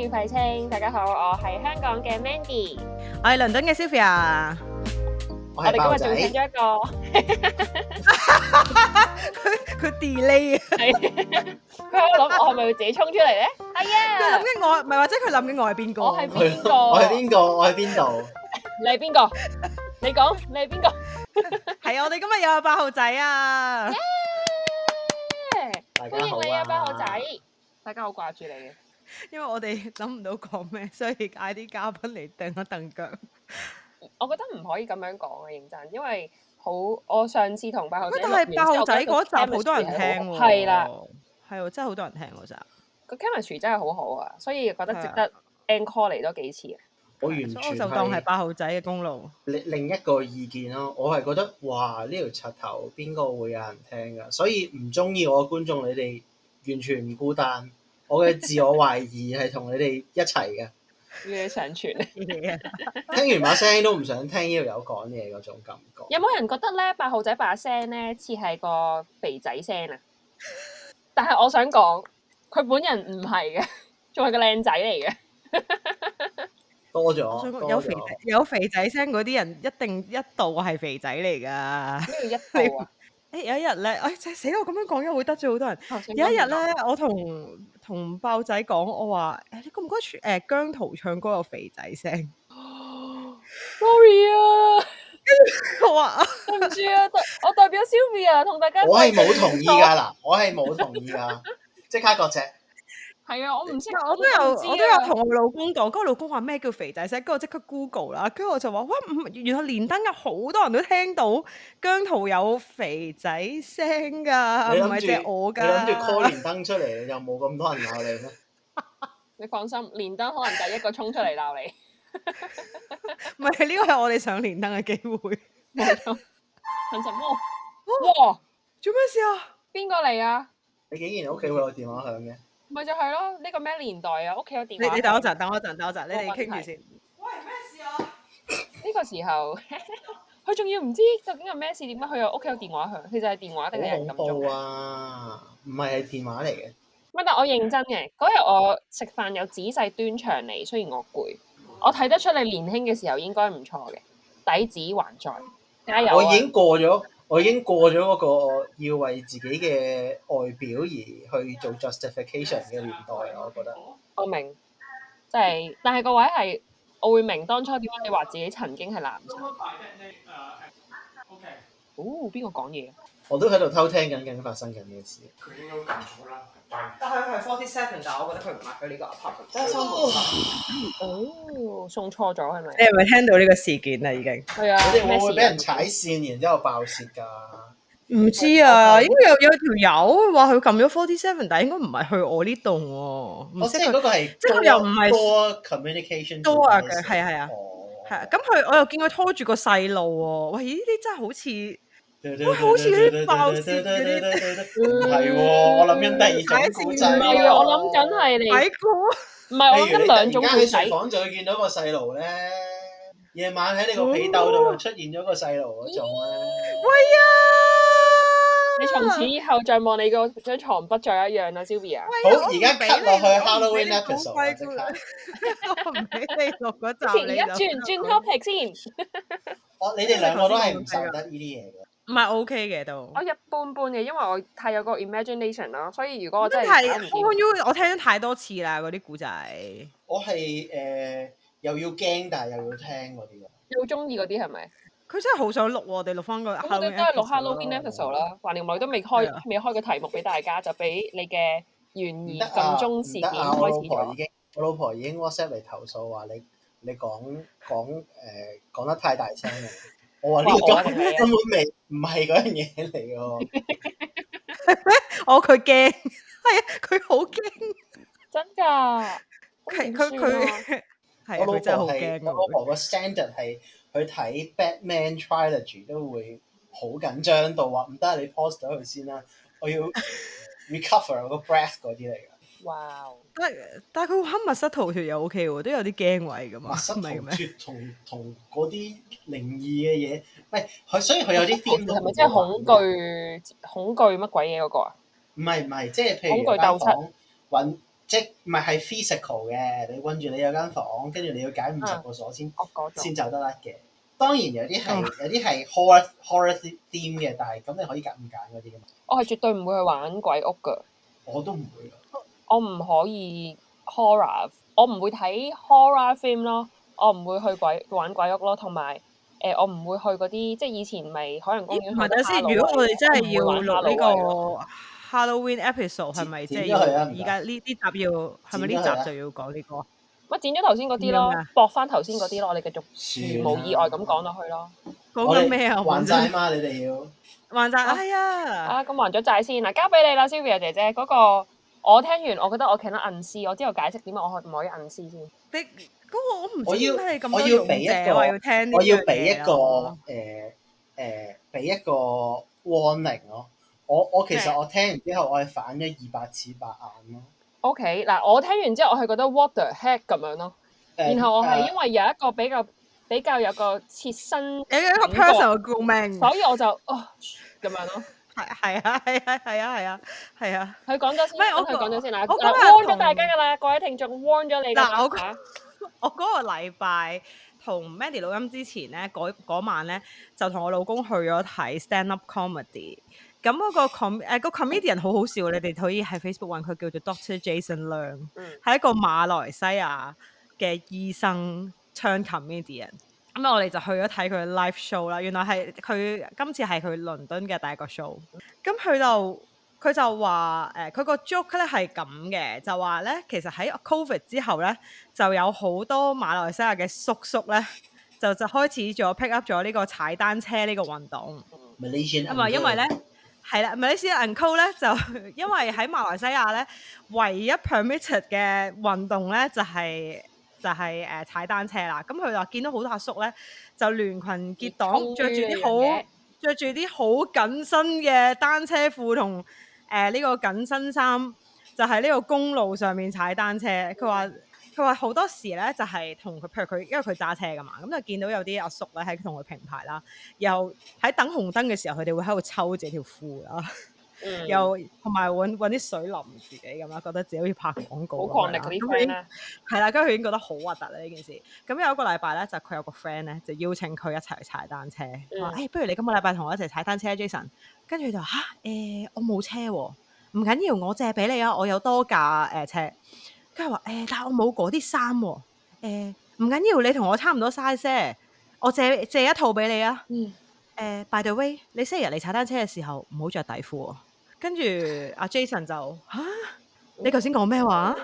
叫費青，大家好，我係香港嘅 Mandy，我係倫敦嘅 Sylvia，我係八號仔，我哋今日仲請咗一個，佢佢 delay 啊，佢喺度諗我係咪會自己衝出嚟咧？係啊，佢諗緊我，唔係或者佢諗緊我係邊個？我係邊個？我係邊個？我喺邊度？你係邊個？你講，你係邊個？係啊，我哋今日又有八號仔啊！大家好啊，歡迎你啊，八號仔，大家好掛住你嘅。因為我哋諗唔到講咩，所以嗌啲嘉賓嚟掟一凳腳 我覺得唔可以咁樣講啊！認真，因為好我上次同八號仔，但係八號仔嗰集好多人聽喎，係啦的，係哦，真係好多人聽嗰集。個 chemistry 真係好好啊，所以覺得值得 Encore 嚟多幾次啊。我完全我就當係八號仔嘅功勞。另一個意見咯，我係覺得哇呢條柒頭邊個會有人聽噶？所以唔中意我嘅觀眾，你哋完全唔孤單。我嘅自我懷疑係同你哋一齊嘅， 要生存嚟嘅。 聽完把聲都唔想聽呢度有講嘢嗰種感覺。有冇人覺得咧，八號仔把聲咧，似係個肥仔聲啊？但係我想講，佢本人唔係嘅，仲係個靚仔嚟嘅 。多咗有肥有肥仔聲嗰啲人，一定一度係肥仔嚟噶。咩一度啊？ 誒、 哎、有一日咧，誒死死我咁樣講又會得罪好多人。哦、有一日咧，我同同爆仔講，我話誒、欸、你覺唔覺得誒姜濤唱歌有肥仔聲 ？Sorry 啊，我 話 對唔住啊，我代表 Sylvia 同大家，我係冇同意㗎喇， 我係冇同意㗎，即刻割席。係啊，我唔知，我都有，我都有同我老公講，嗰個老公話咩叫肥仔聲？跟住即刻 Google 啦，跟住我就話哇，唔，原來連登有好多人都聽到姜濤有肥仔聲噶，唔係即係我噶？你諗住開連登出嚟，又冇咁多人鬧你 你放心，連登可能第一個衝出嚟鬧你。唔 係， 呢個係我哋上連登嘅機會。神神魔，哇！做咩 哇事啊？邊個嚟啊？你竟然屋企會有電話響嘅？咪就係咯，呢、這個咩年代啊？屋企有電話你。你等我陣，等我陣，等我陣，你哋傾住先。喂，咩事啊？呢個時候，佢仲要唔知究竟有咩事？點解佢又屋企有電話響？其實係電話定係人咁做啊？唔係係電話嚟嘅。乜？ 但我認真嘅，嗰日我食飯又仔細端詳你，雖然我攰，我睇得出你年輕嘅時候應該唔錯嘅，底子還在，加油，我已經過咗。 我已經過咗嗰個要為自己嘅外表而去做 justification 嘅年代，我覺得。我明。即係，但係個位係，我會明當初點解你話自己曾經係男仔。OK，哦，邊個講嘢？我都喺度偷聽緊緊發生緊嘅事。佢應該近左啦。但係佢係 forty seven 噶，我覺得佢唔係佢呢個 account 哦，送錯咗係咪？是是你係咪聽到呢個事件啦已經？係啊。我哋會唔會俾人踩線，然之後爆竊㗎？唔知啊，因為 47, 應該有有條友話佢撳咗 forty seven，但係應該唔係去我呢棟喎。我知嗰個係即係佢又唔係多 communication tower 嘅，係啊，係啊。咁佢、哦、我又見佢拖住個細路喎，哇、哎！依啲真係好似～哇！好似啲爆笑嗰啲，係喎。我諗緊第二種，唔係啊！我諗緊係嚟，唔係我諗緊兩種。而家喺廚房就去見到個細路咧，夜晚喺你個被竇度出現咗個細路嗰種啊！喂啊！你從此以後再望你個張床，不再一樣啦 Sylvia，好，而家 cut 落去 Halloween episode 我唔睇你六嗰集。前一轉，轉 topic 先。我你哋兩個都係唔受得呢啲嘢嘅。唔係 OK 嘅都，我一般般嘅，因為我太有個 imagination 啦，所以如果我真係，真係係我聽太多次啦嗰啲古仔。故我係誒、呃、又要驚，但係又要聽嗰啲咯。好中意嗰啲係咪？佢真係好想錄喎，我哋錄翻個。咁都係錄 Halloween episode 啦，橫掂我哋都未開，未的開個題目俾大家，就俾你嘅懸疑。㩒鐘事件開始咗。我老婆已經，經 WhatsApp 嚟投訴話你，你講講誒講得太大聲啦。 我話呢個根本未唔係嗰樣嘢嚟嘅，係咩、 oh？ 我佢驚，係啊，佢好驚，真噶。佢，佢佢，我老婆係我老婆個 standard 係，佢睇 Batman trilogy 都會好緊張到話：唔得，你 post 咗佢先啦，我要 recover 個 breath 嗰啲嚟。哇 Wow.！但但佢黑密室逃脫又 O K 喎，都有啲驚位咁嘛。密室逃脫同同嗰啲靈異嘅嘢，喂佢、嗯、所以佢有啲變到係咪即係恐懼恐懼乜鬼嘢嗰個啊？唔係唔係，即係譬如恐懼鬥室搵即唔係係 physical 嘅，你搵住你有間房，跟住你要解五十個鎖先先走得甩嘅。當然有啲係、嗯、有啲係 horror theme 嘅，但係咁你可以揀唔揀嗰啲噶。我係絕對唔會去玩鬼屋噶，我都唔會。我唔可以 horror，我唔會睇 horror film 咯，我唔會去鬼玩鬼屋咯，同埋誒我唔會去嗰啲即係以前咪海洋公園。唔係等先，先，如果我哋真係要錄呢個 Halloween episode，係咪即係而家呢啲集要係咪呢集就要講呢個？咪剪咗頭先嗰啲咯，駁返頭先嗰啲咯，我哋繼續無意外咁講落去咯。講緊咩啊？還債嘛？你哋要還債？哎呀！啊，咁還咗債先啊，交俾你啦，Sylvia 姐姐嗰我聽完，我覺得我傾得暗示，我之後解釋點解我可唔可以暗示先？你嗰個我唔知點解咁多嘢，我話要，要聽我要俾一個誒誒，俾、嗯呃呃、一個 warning 咯。我我其實我聽完之後，我係反咗二百次白眼咯。OK，嗱我聽完之後，我係覺得 water heck 咁樣咯。然後我係因為有一個比較比較有個切身，有一個 personal 嘅共鳴，呃、所以我就哦咁樣咯。係啊係啊係啊係啊係啊！佢講咗，唔係我佢講咗先啦。我 warn 咗大家㗎啦，各位聽眾 warn 咗你嗱。我我嗰個禮拜同 Mandy 錄音之前咧，嗰晚咧就同我老公去咗睇 stand up comedy。咁嗰個 com 誒個 comedian 好好笑，你哋可以喺 Facebook 揾佢，叫做 Doctor Jason Lim，係一個馬來西亞嘅醫生唱 comedian。咁啊、嗯，我哋就去咗睇佢嘅 live show 啦。原來係佢今次係佢倫敦嘅第一個 show、嗯。咁佢就佢就話誒，佢個 joke 咧係咁嘅，就話咧其實喺 Covid 之後咧，就有好多馬來西亞嘅叔叔咧，就就開始咗 pick up 咗呢個踩單車呢個運動。Malaysia 啊，唔係因為咧係啦，Malaysia Uncle 咧就因為喺馬來西亞咧、嗯， 唯一 permit 嘅運動咧就係、是。就係誒踩單車啦，咁佢就見到好多阿叔咧，就聯群結黨着住啲好著住啲好緊身嘅單車褲同誒呢個緊身衫，就喺、是、呢個公路上面踩單車。佢話佢話好多時咧就係同佢譬如佢，因為佢揸車㗎嘛，咁、嗯、就見到有啲阿叔咧喺同佢平排啦，又喺等紅燈嘅時候，佢哋會喺度抽自己條褲的啦。嗯、又同埋揾啲水淋自己咁啊，覺得自己好似拍廣告。好曠力咁樣，係啦，跟住佢已經覺得好核突啦呢件事。咁 有一個禮拜咧，就佢有個 friend 咧，就邀請佢一齊踩單車。誒、嗯哎，不如你今個禮拜同我一齊踩單車，Jason。跟住就話吓誒，我冇車喎、啊，唔緊要，我借俾你啊，我有多架誒車。跟住話誒，但我、啊啊、係我冇嗰啲衫喎，唔緊要，你同我差唔多 size 啫，我借借一套俾你啊。嗯、啊。誒，by the way，你星期日嚟踩單車嘅時候唔好着底褲喎、啊。跟住阿 Jason 就吓，你頭先講咩話？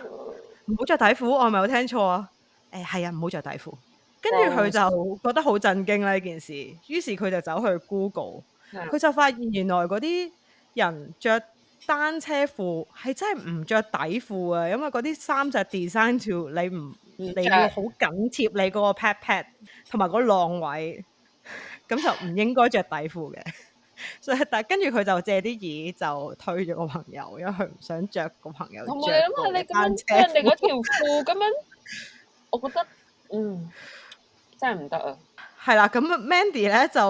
唔好着底褲，我係咪有聽錯啊？誒係啊，唔好着底褲。跟住佢就覺得好震驚啦呢件事，於是佢就走去 Google，佢、嗯、就發現原來嗰啲人着單車褲係真係唔着底褲啊，因為嗰啲三隻 design to 你唔你要好緊貼你嗰個 pat pat 同埋嗰浪位，咁就唔應該着底褲嘅。所但係跟住佢就借啲嘢就推咗個朋友，因為佢唔想着個朋友同埋咁啊，有你咁樣扯人哋嗰條褲咁樣，我覺得嗯真係唔得啊。係啦，咁 Mandy 咧就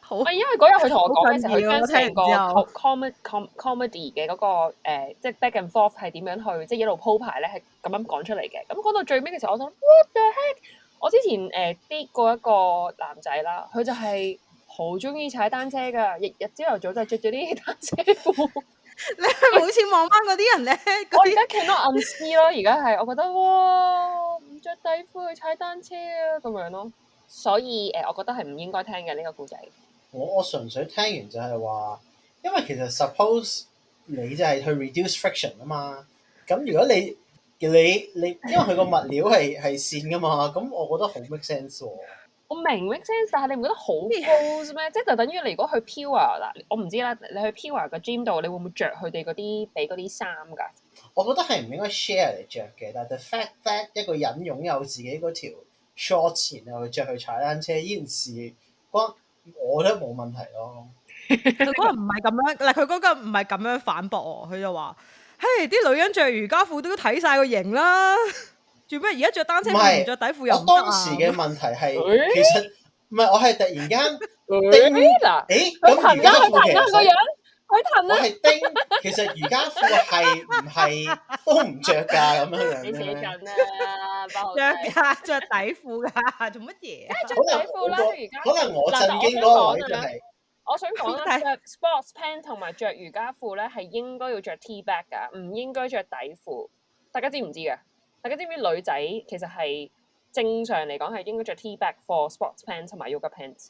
好係因為嗰日佢同我講嘅時候，我 聽 com、那個 comedy 嘅嗰個誒，即係、呃就是、back and forth 係點樣去，即、就、係、是、一路鋪排咧，係咁樣講出嚟嘅。咁講到最尾嘅時候，我想 what the heck？我之前誒 date、uh，過一個男仔啦，佢就係、是。好中意踩單車㗎，日日朝頭早就着咗啲單車褲。你係好似望翻嗰啲人咧， 我而家傾到暗絲咯。而家係我覺得哇，唔着底褲去踩單車啊咁樣咯。所以誒，我覺得係唔應該聽嘅呢、這個故仔 。我我純粹聽完就係話，因為其實 suppose 你就係去 reduce friction 啊嘛。咁如果你 你你，因為佢個物料係係線噶嘛，咁我覺得好 make sense 喎。我明，明但係你唔覺得好 close 咩？ 即係就等於你如果去 Puma 嗱，我唔知啦，你去 Puma 個 gym 度，你會唔會着佢哋嗰啲俾嗰啲衫㗎？我覺得係唔應該 share 嚟着嘅，但係 fact that 一個人擁有自己嗰條 short 前，然後去著去踩單車，呢件事關我覺得冇問題咯。佢可能唔係咁樣，嗱佢嗰個唔係咁樣反駁我，佢就話：嘿，啲女人着瑜伽褲都要睇晒個型啦。 做咩？而家着單車唔着底褲入啊！當時嘅問題係其實唔係我係突然間叮嗱，誒咁而家佢突然間個樣，佢騰啦，我係叮。其實瑜伽褲係唔係都唔着㗎，咁樣樣你寫緊？著啊，着底褲㗎，做乜嘢？梗係着底褲啦！瑜伽可能我曾經嗰個我想講啦，着 sports pant 同埋着瑜伽褲咧，係應該要着 T back 㗎，唔應該着底褲。大家知唔知嘅？大家知唔知女仔其實係正常嚟講係應該着 T-back、e、for sports pants 同埋 yoga pants？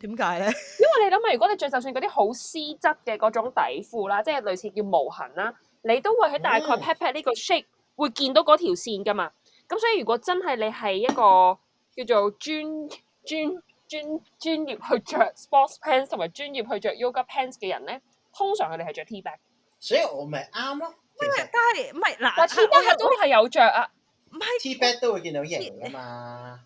點解咧？為呢因為你諗下，如果你着就算嗰啲好絲質嘅嗰種底褲啦，即係類似叫無痕啦，你都會喺大概 pat pat 呢個 shape、嗯、會見到嗰條線噶嘛。咁所以如果真係你係一個叫做專專專專業去着 sports pants 同埋專業去着 yoga pants 嘅人咧，通常佢哋係着 T-back。所以我咪啱咯。但係，唔係嗱 T-back 都係有着啊，唔係 T-back 都會見到型啊嘛，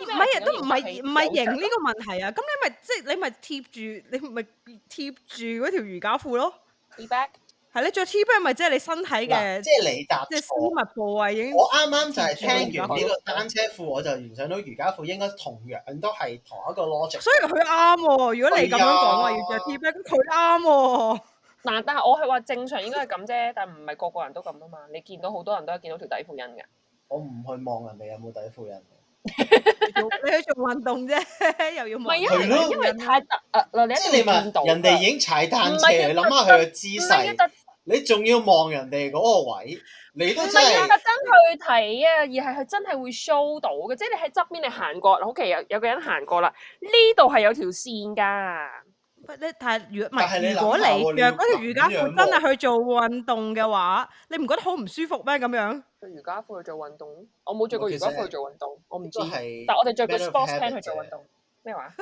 唔係亦都唔係唔係型呢個問題啊，咁你咪即係你咪貼住你咪貼住嗰條瑜伽褲咯，T-back 係咧，着 T-back 咪即係你身體嘅，即係你搭即係私密部位已經，我啱啱就係聽完呢個單車褲，我就聯想到瑜伽褲應該同樣都係同一個 logic，所以佢啱喎，如果你咁樣講話要着 T-back，咁佢啱喎。嗱，但係我係話正常應該係咁啫，但係唔係個個人都咁啊嘛。你見到好多人都係見到條底褲印嘅。我唔去望人哋有冇底褲印。 你去做運動啫，又要望。係因為太突、嗯、啊！嗱，你一見到人哋已經踩單車，諗下佢個姿勢，你仲要望人哋嗰個位，你都真係。唔係啊，特登去睇啊，而係佢真係會 show 到嘅，即係你喺側邊你行過，好奇有有個人行過啦，呢度係有條線㗎。不咧，但係如唔係，如果你着嗰條瑜伽褲真係去做運動嘅話，你唔覺得好唔舒服咩？咁樣？着瑜伽褲去做運動，我冇着過瑜伽褲去做運動，我唔知。但係我哋着個 sports pants 去做運動，咩話？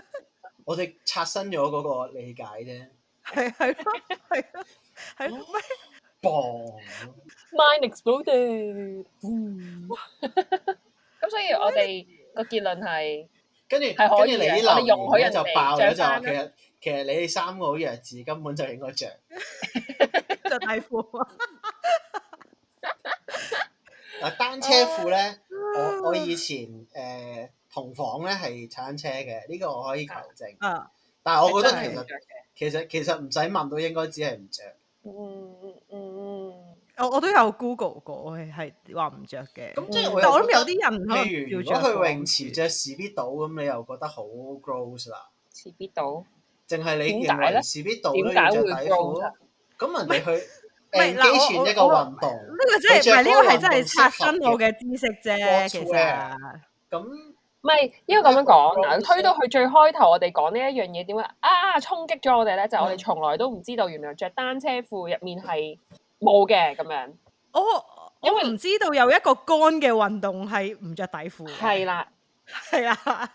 我哋刷新咗嗰個理解啫。係係咯，係咯，係咩？Boom！Mind exploded！咁所以我哋個結論係，跟住係可以，我哋容許人哋着衫。其實你哋三個好弱智，根本就應該着。著底褲啊！嗱，單車褲咧，我我以前誒同房咧係踩單車嘅，呢個我可以求證。嗯，但係我覺得其實其實其實唔使問到應該只係唔着。嗯嗯嗯，我我都有 Google 過，係係話唔着嘅。咁即係我，我諗有啲人譬如如果去泳池着士必島，咁你又覺得好 gross 啦？士必島。淨係你件連士 B 度，跟住着底褲，咁咪去？唔係嗱，我呢個真係唔係呢個係真係刷新我嘅知識啫，其實。咁唔係，因為咁樣講，應該咁樣講推到去最開頭，我哋講呢一樣嘢，點解啊，衝擊咗我哋咧？就我哋從來都唔知道，原來着單車褲入面係冇嘅咁樣。哦，因為唔知道有一個干嘅運動係唔着底褲。係啦，係啦。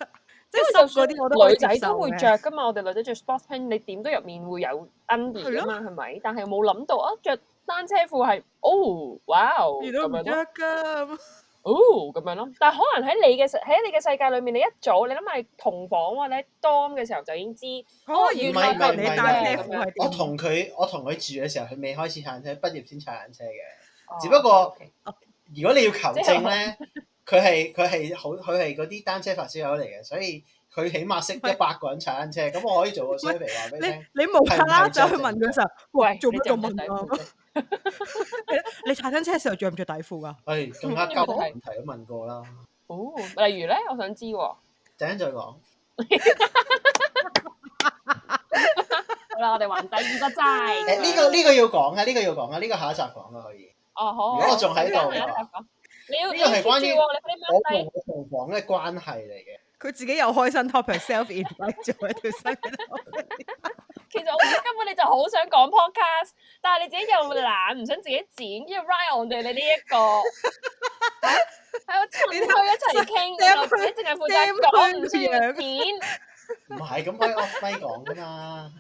因為就算女仔都會着噶嘛， 我哋女仔着 sports pants，你點都入面會有 under 噶嘛，係咪？ 但係冇諗到啊，著、哦、單車褲係哦，oh wow 咁樣哦，咁樣咯。但係可能喺你嘅世喺你嘅世界裏面，你一早你諗下同房或者 dorm 嘅時候就已經知。我同佢我同佢住嘅時候，佢未開始踩車，畢業先踩單車嘅。只不過，如果你要求證咧。 佢係佢係好，佢係嗰啲單車發燒友嚟嘅，所以佢起碼識一百個人踩單車。咁我可以做個衰 u m m 話俾你聽。你冇無卡走去問佢一候，喂，做乜做問啊？你踩單車時候着唔着底褲噶？係，更加交個問題都問過啦。哦，例如咧，我想知，等一再講。好啦，我哋玩第二個齋。呢個呢個要講啊，呢個要講啊，呢個下一集講啊。可以。哦，好。如果我仲喺度你要係關於我同我同房嘅關係嚟嘅。佢自己又開新 topic，selfie 做一對新嘅。其實我根本你就好想講 podcast，但係你自己又懶，唔想自己剪，要 ride on 對你呢、這、一個。係我、啊、你哋去一齊傾，我淨係負責講唔出樣片。唔係，咁可以 off mic 講噶嘛？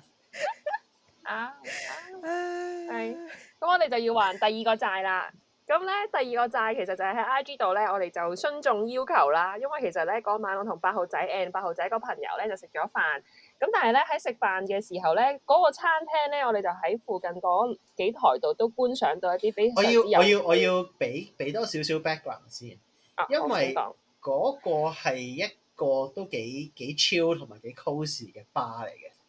啊啊，係，咁我哋就要還第二個債啦。咁咧，第二個債其實就係喺 I G 度咧，我哋就詢眾要求啦。因為其實咧，嗰晚我同八號仔 and 八號仔個朋友咧就食咗飯，咁但係咧喺食飯嘅時候咧，嗰個餐廳咧，我哋就喺附近幾枱度都觀賞到一啲比我要的我要我要俾俾多少少 background 先，啊、因為個係一個都幾幾 chill 同埋幾 cosy 嘅 bar 嚟嘅。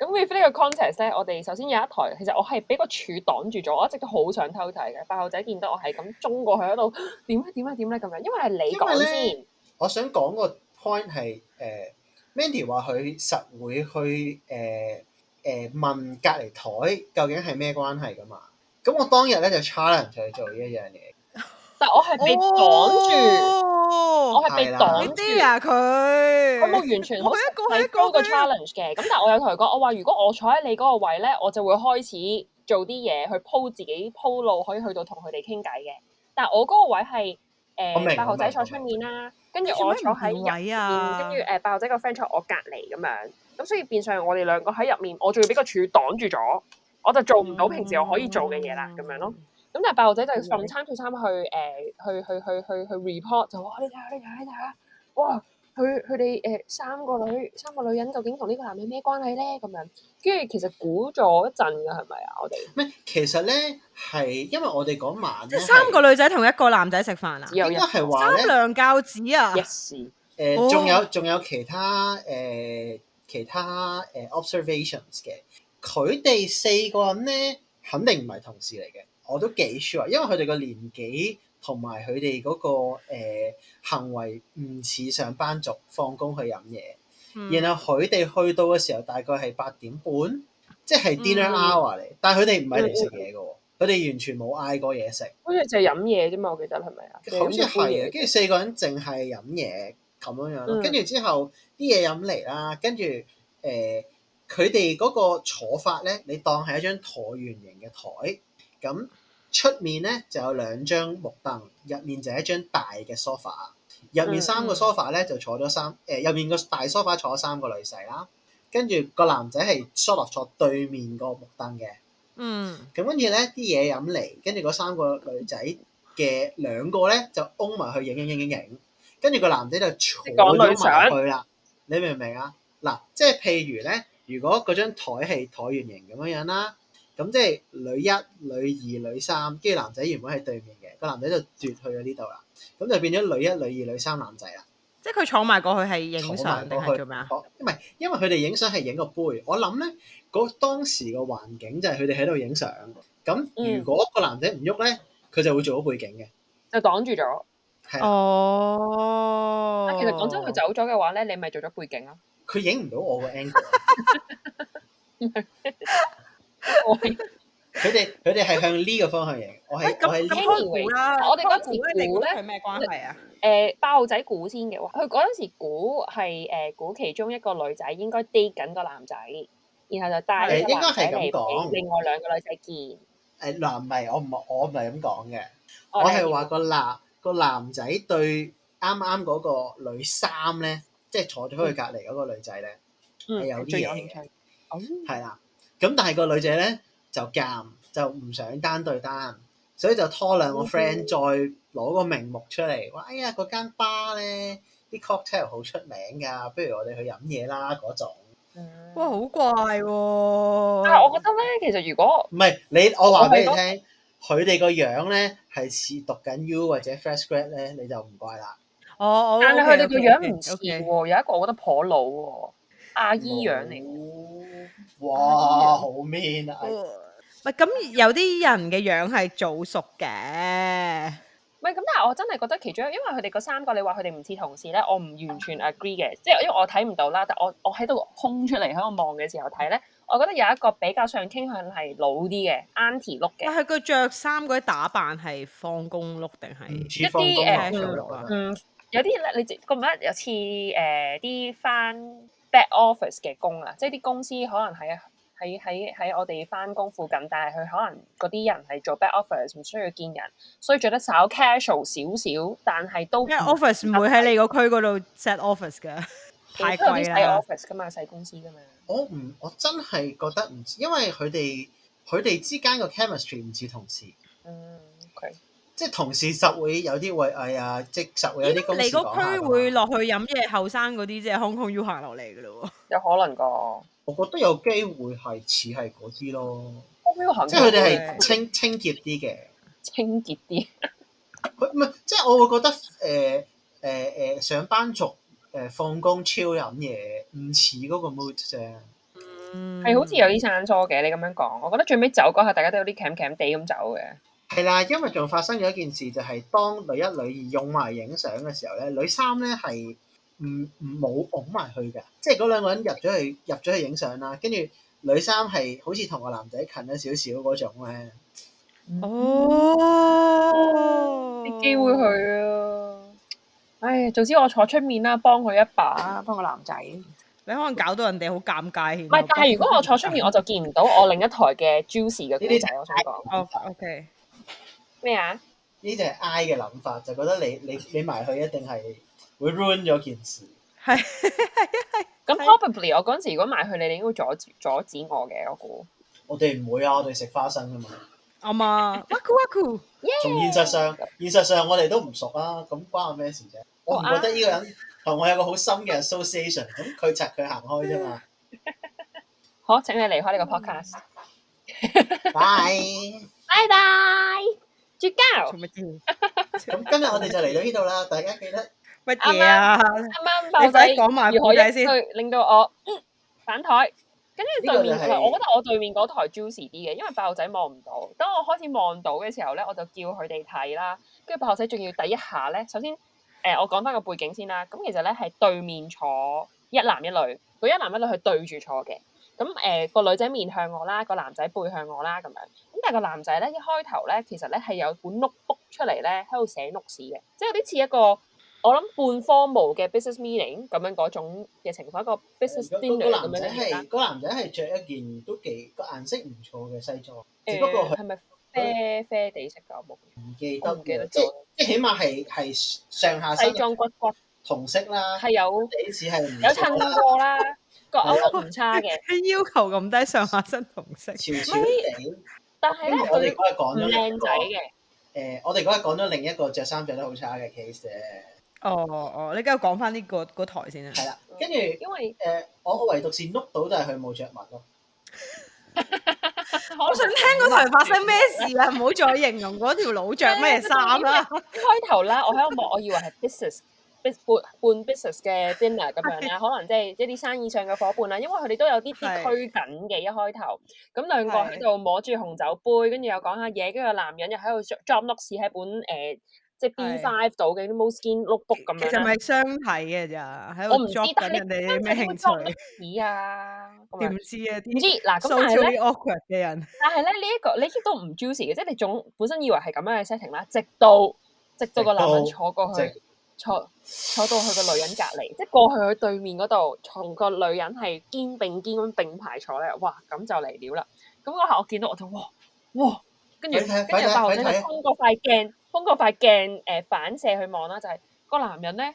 咁 with 呢個 context 咧，我哋首先有一台，其實我係俾個柱擋住咗，我一直都好想偷睇嘅。八號仔見到我係咁衝過去喺度點啊點啊點咧咁樣，因為係你講先，先。我想講個 point 係誒、呃、Mandy 話佢實會去誒誒、呃呃、問隔離台究竟係咩關係噶嘛？咁我當日咧就 challenge 就去做呢一樣嘢。 但我係被擋住，哦、我係被擋啲啊。佢的，佢冇完全。佢一個一個 challenge 嘅，咁但係我有同佢講，我話如果我坐喺你嗰個位咧，我就會開始做啲嘢去鋪自己鋪路，可以去到同佢哋傾偈嘅。但係我嗰個位係誒，8號仔坐出面啦，跟住我，我，我坐喺入面，跟住誒8號仔個 friend 坐我隔離咁樣，咁所以變相我哋兩個喺入面，我仲要俾個柱擋住咗，我就做唔到平時我可以做嘅嘢啦，咁樣咯。嗯咁、嗯、但係，8號仔就係分餐退餐去誒，去去去去去 report 就話你睇下，你睇下，你睇下。哇！佢佢哋誒三個女三個女人，究竟同呢個男人咩關係咧？咁樣，跟住其實估咗一陣㗎，係咪啊？我哋咩？其實咧，係因為我哋嗰晚咧，三個女仔同一個男仔食飯啊，有一應該係話三娘教子啊，一時誒仲有仲有其他誒、呃、其他誒 observations 嘅。佢、呃、哋、呃呃、四個人咧，肯定唔係同事嚟嘅。我都幾 sure 因為佢哋個年紀同埋佢哋嗰個、呃、行為唔似上班族放工去飲嘢，嗯、然後佢哋去到嘅時候大概係八點半，即係 dinner hour 嚟。嗯、但係佢哋唔係嚟食嘢嘅，佢哋、嗯、完全冇嗌過嘢食。好似就係飲嘢啫嘛，嗯嗯、我記得係咪啊？是是好似係，跟住、嗯、四個人淨係飲嘢咁樣樣，跟住、嗯、之後啲嘢飲嚟啦，跟住誒佢哋嗰個坐法咧，你當係一張橢圓形嘅台咁。出面咧就有兩張木凳，入面就係一張大嘅 sofa，入面三個 sofa 咧就坐咗三誒、呃、入面個大 sofa 坐三個女仔啦，跟住個男仔係 sofa 坐對面個木凳嘅，嗯，咁跟住咧啲嘢飲嚟，跟住嗰三個女仔嘅兩個咧就㧬埋去影影影影影，跟住個男仔就坐咗埋去啦，你，你明唔明啊？嗱，即係譬如咧，如果嗰張台係橢圓形咁樣樣啦。咁即係女一、女二、女三，跟住男仔原本喺對面嘅，個男仔就奪去咗呢度啦。咁就變咗女一、女二、女三男仔啦。即係佢坐埋過去係影相定係做咩啊？唔係，因為佢哋影相係影個杯。我諗咧，嗰當時個環境就係佢哋喺度影相。咁如果個男仔唔喐咧，佢就會做咗背景嘅、嗯，就擋住咗。哦的。Oh, 其實講真，佢走咗嘅話咧，你咪做咗背景咯。佢影唔到我個 angle。 我佢哋，佢哋係向呢個方向影。我係咁開估啦。我哋嗰、啊、時估咧係咩關係啊？誒、呃，包仔估先嘅話，佢嗰陣時估係誒估其中一個女仔應該 date 緊個男仔，然後就帶咗應該係咁講另外兩個女仔見。誒，嗱、呃，唔係我唔我唔係咁講嘅，我係話個男個男仔對啱啱嗰個女三咧，即、就、係、是、坐咗佢隔離嗰個女仔咧，係、嗯、有啲興趣，係、嗯、啦。咁但係個女仔咧就尷，就唔想單對單，所以就拖兩個 friend、嗯、再攞個名目出嚟，話：哎呀，嗰間吧咧啲 cocktail 好出名㗎，不如我哋去飲嘢啦嗰種。嗯、哇，好怪喎！但係我覺得咧，其實如果唔係你，我話俾你聽，佢哋個樣咧係似讀緊 U 或者 fresh grad 咧，你就唔怪啦。哦，但係佢哋個樣唔似喎，有一個我覺得頗老喎，阿姨樣嚟。哇，哇好 man 啊！唔係咁，有啲人嘅樣係早熟嘅。唔係咁，但係我真係覺得其中，因為佢哋嗰三個，你話佢哋唔似同事咧，我唔完全 agree 嘅。即係因為我睇唔到啦，但我我喺度空出嚟喺度望嘅時候睇咧，我覺得有一個比較上傾向係老啲嘅 aunty look 嘅。但係佢着衫嗰啲打扮係放工 look 定係一啲誒嗯，嗯有啲咧，你個乜有似誒啲翻？呃 back office 嘅工啊，即係啲公司可能喺喺喺喺我哋返工附近，但係佢可能嗰啲人係做 back office，唔需要見人，所以做得少 casual 少少，但係都因為在 office 唔、啊、會喺你個區嗰度 set office 㗎，太貴啦 office 㗎嘛細公司㗎嘛，我唔我真係覺得唔，知，因為佢哋佢哋之間個 chemistry 唔似同事。嗯即係同時實會有啲為哎呀，即係實會有啲咁。你個區會落去飲嘢，後生嗰啲即係 Hong Kong U 行落嚟嘅咯，有可能個。我覺得有機會係似係嗰啲咯，嗯、即係佢哋係清清潔啲嘅。清潔啲，佢唔係即係我會覺得誒誒誒，上班族誒、呃、放工超飲嘢，唔似嗰個 mood 啫、嗯。係好似有啲生疏嘅，你咁樣講，我覺得最尾走嗰下，大家都有啲 cam cam 地咁走嘅。係啦，因為仲發生咗一件事，就係、是、當女一、女二用埋影相嘅時候咧，女三咧係唔冇擁埋去嘅，即係嗰兩個人入咗去入咗去影相啦，跟住女三係好似同個男仔近咗少少嗰種咧、哦。哦，啲機會去啊！唉，早知我坐出面啦，幫佢一把，幫個男仔。你可能搞到人哋好尷尬唔係，不但係如果我坐出面，我就見唔到我另一台嘅 Juicy 嘅 girl 就係我想講。哦、o、okay. k 咩啊？呢就係 I 嘅諗法，就覺得你你你埋去一定係會 run 咗件事。係系係。咁 probably 我嗰陣時如果埋去，你哋應該阻阻止我嘅，我估。我哋唔會啊！我哋食花生噶嘛。啊嘛，waku waku，耶。現實上，現實上我哋都唔熟啊，咁關我咩事啫？我唔覺得呢個人同我有個好深嘅 association，咁佢拆佢行開啫嘛。好，請你離開呢個 podcast。拜拜。拜最高。咁 今日我哋就嚟到呢度啦，大家記得乜嘢啊？啱啱，8號仔講埋個好嘢先，令到我反台。跟、嗯、住是對面台，我覺得我對面嗰台 juicy 啲嘅，因為8號仔望唔到。當我開始望到嘅時候咧，我就叫佢哋睇啦。跟住8號仔仲要第一下咧，首先誒、呃，我講翻個背景先啦。咁其實咧係對面坐一男一女，嗰一男一女佢對住坐嘅。咁誒個女仔面向我啦，個男仔背向我啦咁樣。咁但係個男仔咧一開頭咧，其實咧係有本 notebook 出嚟咧喺度寫 notes 嘅，即係有啲似一個我諗半 formal 嘅 business meeting 咁樣嗰種嘅情況，一個 business dinner、嗯、嗰、嗰個男仔係，嗰樣男仔係著一件都幾個顏色唔錯嘅西裝，只不過係咪、呃、啡啡地色噶？ 我冇唔記得，記得即即起碼係係上下西裝骨骨同色啦，係有有襯有過啦。 我唔差嘅，佢、哦、要求咁低，上下身同色，潮潮哋。但係我哋嗰日講咗唔靚仔嘅。誒、呃，我哋嗰日講咗另一個着衫着得好差嘅 case 啫。哦哦，你而家講翻呢個嗰台先啊。係啦、嗯，跟住因為誒、呃，我唯獨是 look 到就係佢冇着襪咯。 我想聽嗰台發生咩事啦！唔好 再形容嗰條佬著咩衫啦。開頭啦，我喺度望，我以為係 business。半 business 嘅 dinner 咁樣啦，可能即係一啲生意上嘅夥伴啦。因為佢哋都有啲啲拘謹嘅，一開頭。咁兩個喺度摸住紅酒杯，跟住又講下嘢，跟住個男人又喺度 drop notes 喺本誒即係 B five 度嘅啲 Moleskine notebook 咁樣。其實咪相睇嘅咋喺度？我唔知得你係咪會 drop notes 啊？點知啊？點知嗱咁？但係咧，但係咧呢一個你亦都唔 juicy 嘅，即係你總本身以為係咁樣嘅 setting 啦。直到直到個男人坐過去。坐坐到去個女人隔籬，即係過去佢對面嗰度，同個女人係肩並肩咁並排坐咧，哇，咁就嚟料啦！咁嗰下我見到我就哇哇，跟住跟住，8號仔係通過塊鏡，通過塊鏡誒反射去望啦，就係、是、個男人咧，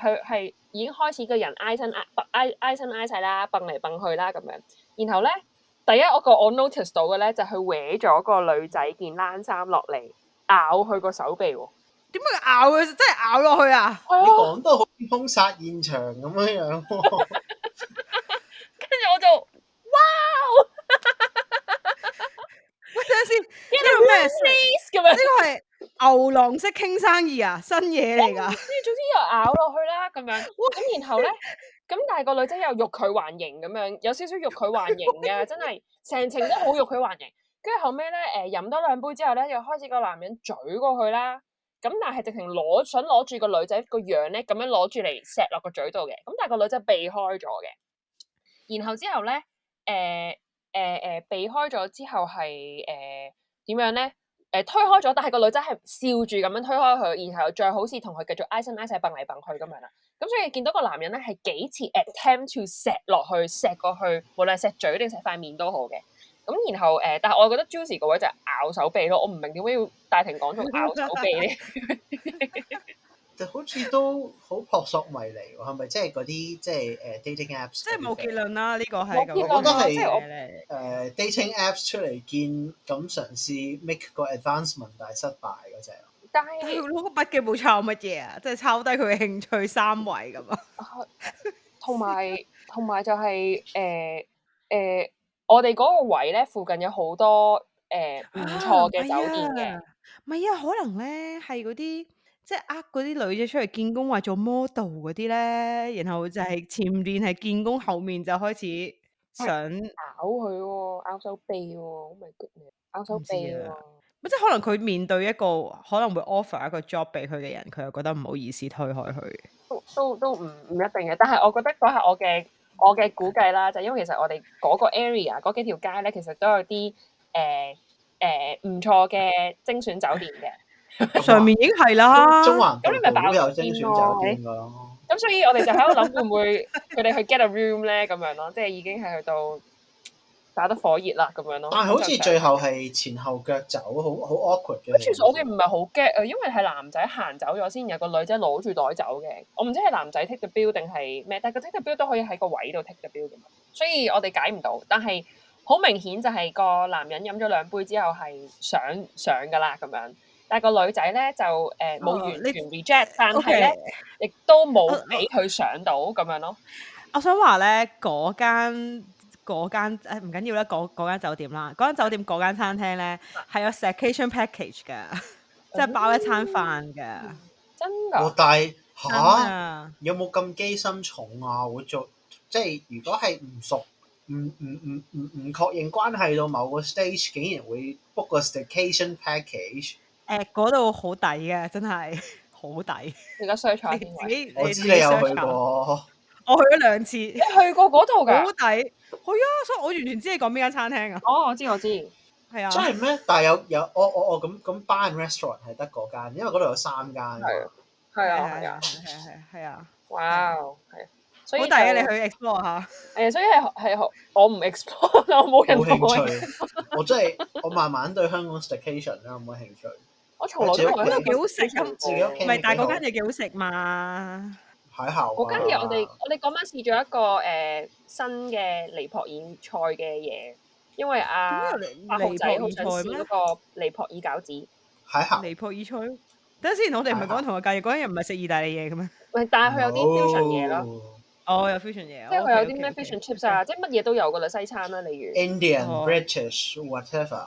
佢係已經開始個人挨身挨，挨挨，挨身挨晒啦，蹦嚟蹦去啦咁樣。然後咧，第一我個我 notice 到嘅咧，就係佢搣咗個女仔件冷衫落嚟，咬佢個手臂。點解咬佢真係咬落去啊？哦、你講到好似凶殺現場咁樣樣，跟住我就哇！ 喂，睇下先，呢個咩？呢個係牛郎式傾生意啊？新嘢嚟噶？跟住、 嗯、總之又咬落去啦，咁樣哇！咁 然後咧，咁但係個女仔又欲佢還形咁樣，有少少欲佢還形嘅， 真係成程都好欲佢還形。跟住後尾咧，誒、呃，飲多兩杯之後咧，又開始個男人嘴過去啦。咁但係直情攞想攞住個女仔個樣咧，咁樣攞住嚟錫落個嘴度嘅。咁但係個女仔避開咗嘅。然後之後咧，誒誒誒避開咗之後係誒點樣咧？誒、呃、推開咗，但係個女仔係笑住咁樣推開佢，然後再好似同佢繼續挨身挨勢蹦嚟蹦去咁樣啦。咁、嗯、所以見到個男人咧係幾次 attempt to 錫落去，錫過去，無論錫嘴定錫塊面都好嘅。咁然後誒，但係我覺得 Juice 嗰位就咬手臂咯，我唔明點解要大庭廣眾咬手臂咧 ？就好似都好撲朔迷離喎，係咪即係嗰啲即係誒 dating apps？即係冇結論啦，呢、啊這個係我覺得係誒 dating apps 出嚟見咁嘗試 make 個 advance 問，但係失敗嗰隻。但係佢攞個筆記簿抄乜嘢啊？即係抄低佢嘅興趣三圍咁啊！同埋同埋就係誒誒。呃呃我哋嗰個位咧，附近有好多誒唔錯嘅酒店嘅。唔係啊，啊，啊，可能咧係嗰啲即係呃嗰啲女仔出嚟見工，話做 model 嗰啲咧，然後就係前面係見工，後面就開始想、哎、咬佢喎、啊，咬手臂喎、啊，咪明顯，咬手臂喎、啊。唔、啊、即係可能佢面對一個可能會 offer 一個 job 俾佢嘅人，佢又覺得唔好意思推開佢。都都都唔唔一定嘅，但係我覺得嗰下我嘅。我嘅估計啦，就係、因為其實我哋嗰個 area 嗰幾條街咧，其實都有啲誒誒唔錯嘅精選酒店嘅， 上面已經係啦、哦，中環，咁你咪大有精選酒店咁，所以我哋就喺度諗會唔會佢哋去 get a room 咧咁樣咯，即係已經係去到。打得火熱啦，咁樣咯。但係好似最後係前後腳走，好好 awkward 嘅。其實我哋唔係好驚啊，因為係男仔行走咗先，有個女仔攞住袋走嘅。我唔知係男仔 take the bill 定係咩，但係個 take the bill 都可以喺個位度 take the bill 嘅嘛。所以我哋解唔到，但係好明顯就係個男人飲咗兩杯之後係想上噶啦咁樣，但係個女仔咧就誒冇完全 reject，oh, you 呢全 reject，但係咧亦都冇俾佢上到咁樣咯。我想話咧嗰間。嗰間唔緊要啦，嗰間酒店啦，嗰間酒店嗰間餐廳咧係 有 staycation package 嘅， 即係包一餐飯嘅、嗯。真㗎？哦，但係 有冇咁機心重啊？會做即係如果係唔熟，唔唔唔唔唔確認關係到某個 stage，竟然會 book 個 staycation package？誒，嗰度好抵嘅，真係好抵。一個雙牀天台， 我知你有去過。 我去咗兩次，你去過嗰度㗎，好抵，去啊！所以我完全知你講邊間餐廳啊。哦，我知我知，係啊。所以咩？但係有有，我我我咁咁，bar and restaurant 係得嗰間，因為嗰度有三間。係啊，係啊，係係係啊，哇！係，好抵啊！你去 explore 下。誒，所以係係我唔 explore，我冇人興趣。我真係我慢慢對香港 station 啦冇乜興趣。我從來都覺得幾好食㗎，唔係但係嗰間嘢幾好食嘛。海校。我間日 我哋，我哋嗰晚試咗一個誒、呃、新嘅尼泊爾菜嘅嘢，因為阿阿8號仔好想試嗰個尼泊爾餃子。海校。尼泊爾菜。等陣先，我哋唔係講同學介紹嗰一日唔係食意大利嘢嘅咩？喂，但係佢有啲 fusion 嘢咯。Oh, 哦。有 fusion 嘢。即係佢有啲咩 fusion tips 啊？Okay, okay, okay. 即係乜嘢都有噶啦，西餐啦，例如、啊。Indian,、oh. British, whatever.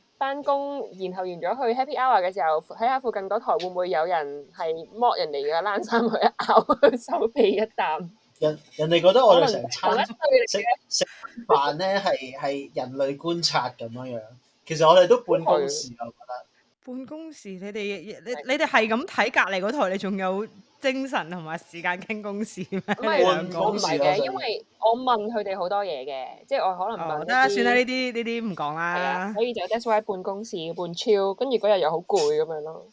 翻工，然後完咗去 Happy Hour 嘅時候，睇下附近嗰台會唔會有人係剝人哋嘅冷衫去咬手臂一啖。人人哋覺得我哋成可能 整餐食食飯咧係係人類觀察咁樣樣，其實我哋都半工時咁，覺得。半工時你哋你你哋係咁睇隔籬嗰台，你仲有精神同埋時間傾公事咩？唔係嘅，因為我問佢哋好多嘢嘅，即係我可能問得啦、哦，算啦，呢啲呢啲唔講啦。可以就 desway 半工時半超，跟住嗰日又好攰咁樣咯。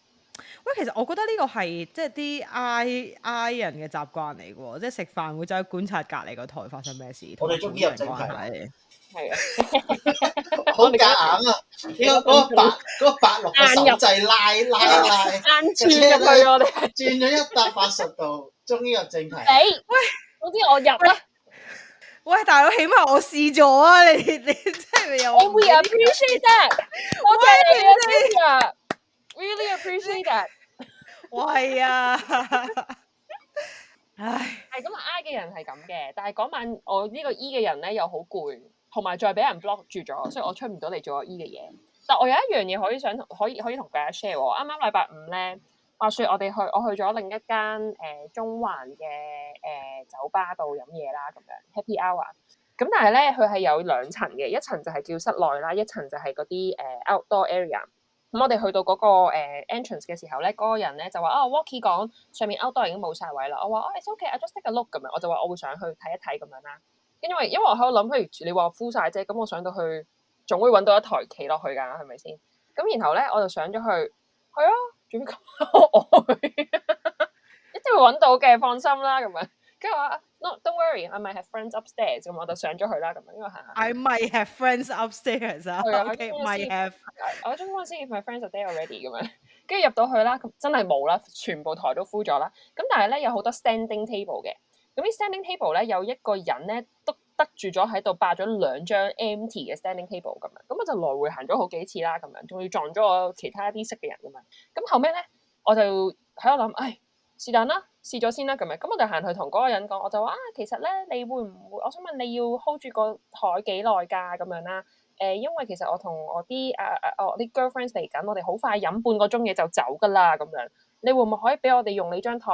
喂， 其實我覺得呢個係即係啲 I I 人嘅習慣嚟嘅，即係食飯會走去觀察隔籬嗰台發生咩事。同我哋中啲人真係。 係 啊，好夾硬啊！嗰個白嗰、嗰個白綠個手掣拉拉拉，拉，轉咗一百八十度，終於入正題。你喂，總之我入啦。喂，大佬，起碼我試咗啊！S anger, 你、really、你真係未有我？We appreciate that. 我哋 appreciate. Really appreciate that. 我係啊 唉。唉。係咁啊！I 嘅人係咁嘅，但係嗰晚我呢個 E 嘅人咧，又好攰。同埋再俾人 block 住咗，所以我出唔到嚟做我姨嘅嘢。但我有一樣嘢可以想，可以可以同大家 share 喎、哦。啱啱禮拜五咧，話説我哋去我去咗另一間誒、呃、中環嘅誒、呃、酒吧度飲嘢啦，咁樣 Happy Hour。咁但係咧，佢係有兩層嘅，一層就係叫室內啦，一層就係嗰啲誒、呃、outdoor area。咁、嗯、我哋去到嗰、那個、呃、entrance 嘅時候咧，嗰、那個人咧就話：啊、哦、Walkie 講上面 outdoor 已經冇晒位啦。我話：哦，it's okay, I just take a look 咁樣。我就話我會上去睇一睇咁樣啦。因為因為我喺度諗，譬如你話敷曬啫，咁我上到去總會揾到一台企落去噶，係咪先？咁然後咧，我就上咗去，係啊，仲要我？一定會揾到嘅，放心啦，咁樣。跟住我，no，don't worry，I might have friends upstairs。咁我就上咗去啦，咁樣，因為行。I might have friends upstairs 啊。係啊。I just want to see if my friends are there already 咁樣。跟住入到去啦，咁真係冇啦，全部台都敷咗啦。咁但係咧，有好多 standing table 嘅。咁啲 standing table 咧，有一個人咧，都得住咗喺度，霸咗兩張 empty 嘅 standing table 咁樣。咁我就來回行咗好幾次啦，咁樣仲要撞咗我其他一啲識嘅人咁樣。咁後尾咧、哎，我就喺度諗，唉，是但啦，試咗先啦，咁樣。咁我就行去同嗰個人講，我就話：啊，其實咧，你會唔會？我想問你要 hold 住個台幾耐㗎？咁樣啦。誒、呃，因為其實我同我啲誒誒，我啲 girlfriends 嚟緊，我哋好快飲半個鐘嘢就走㗎啦，咁樣。你會唔會可以俾我哋用你張台？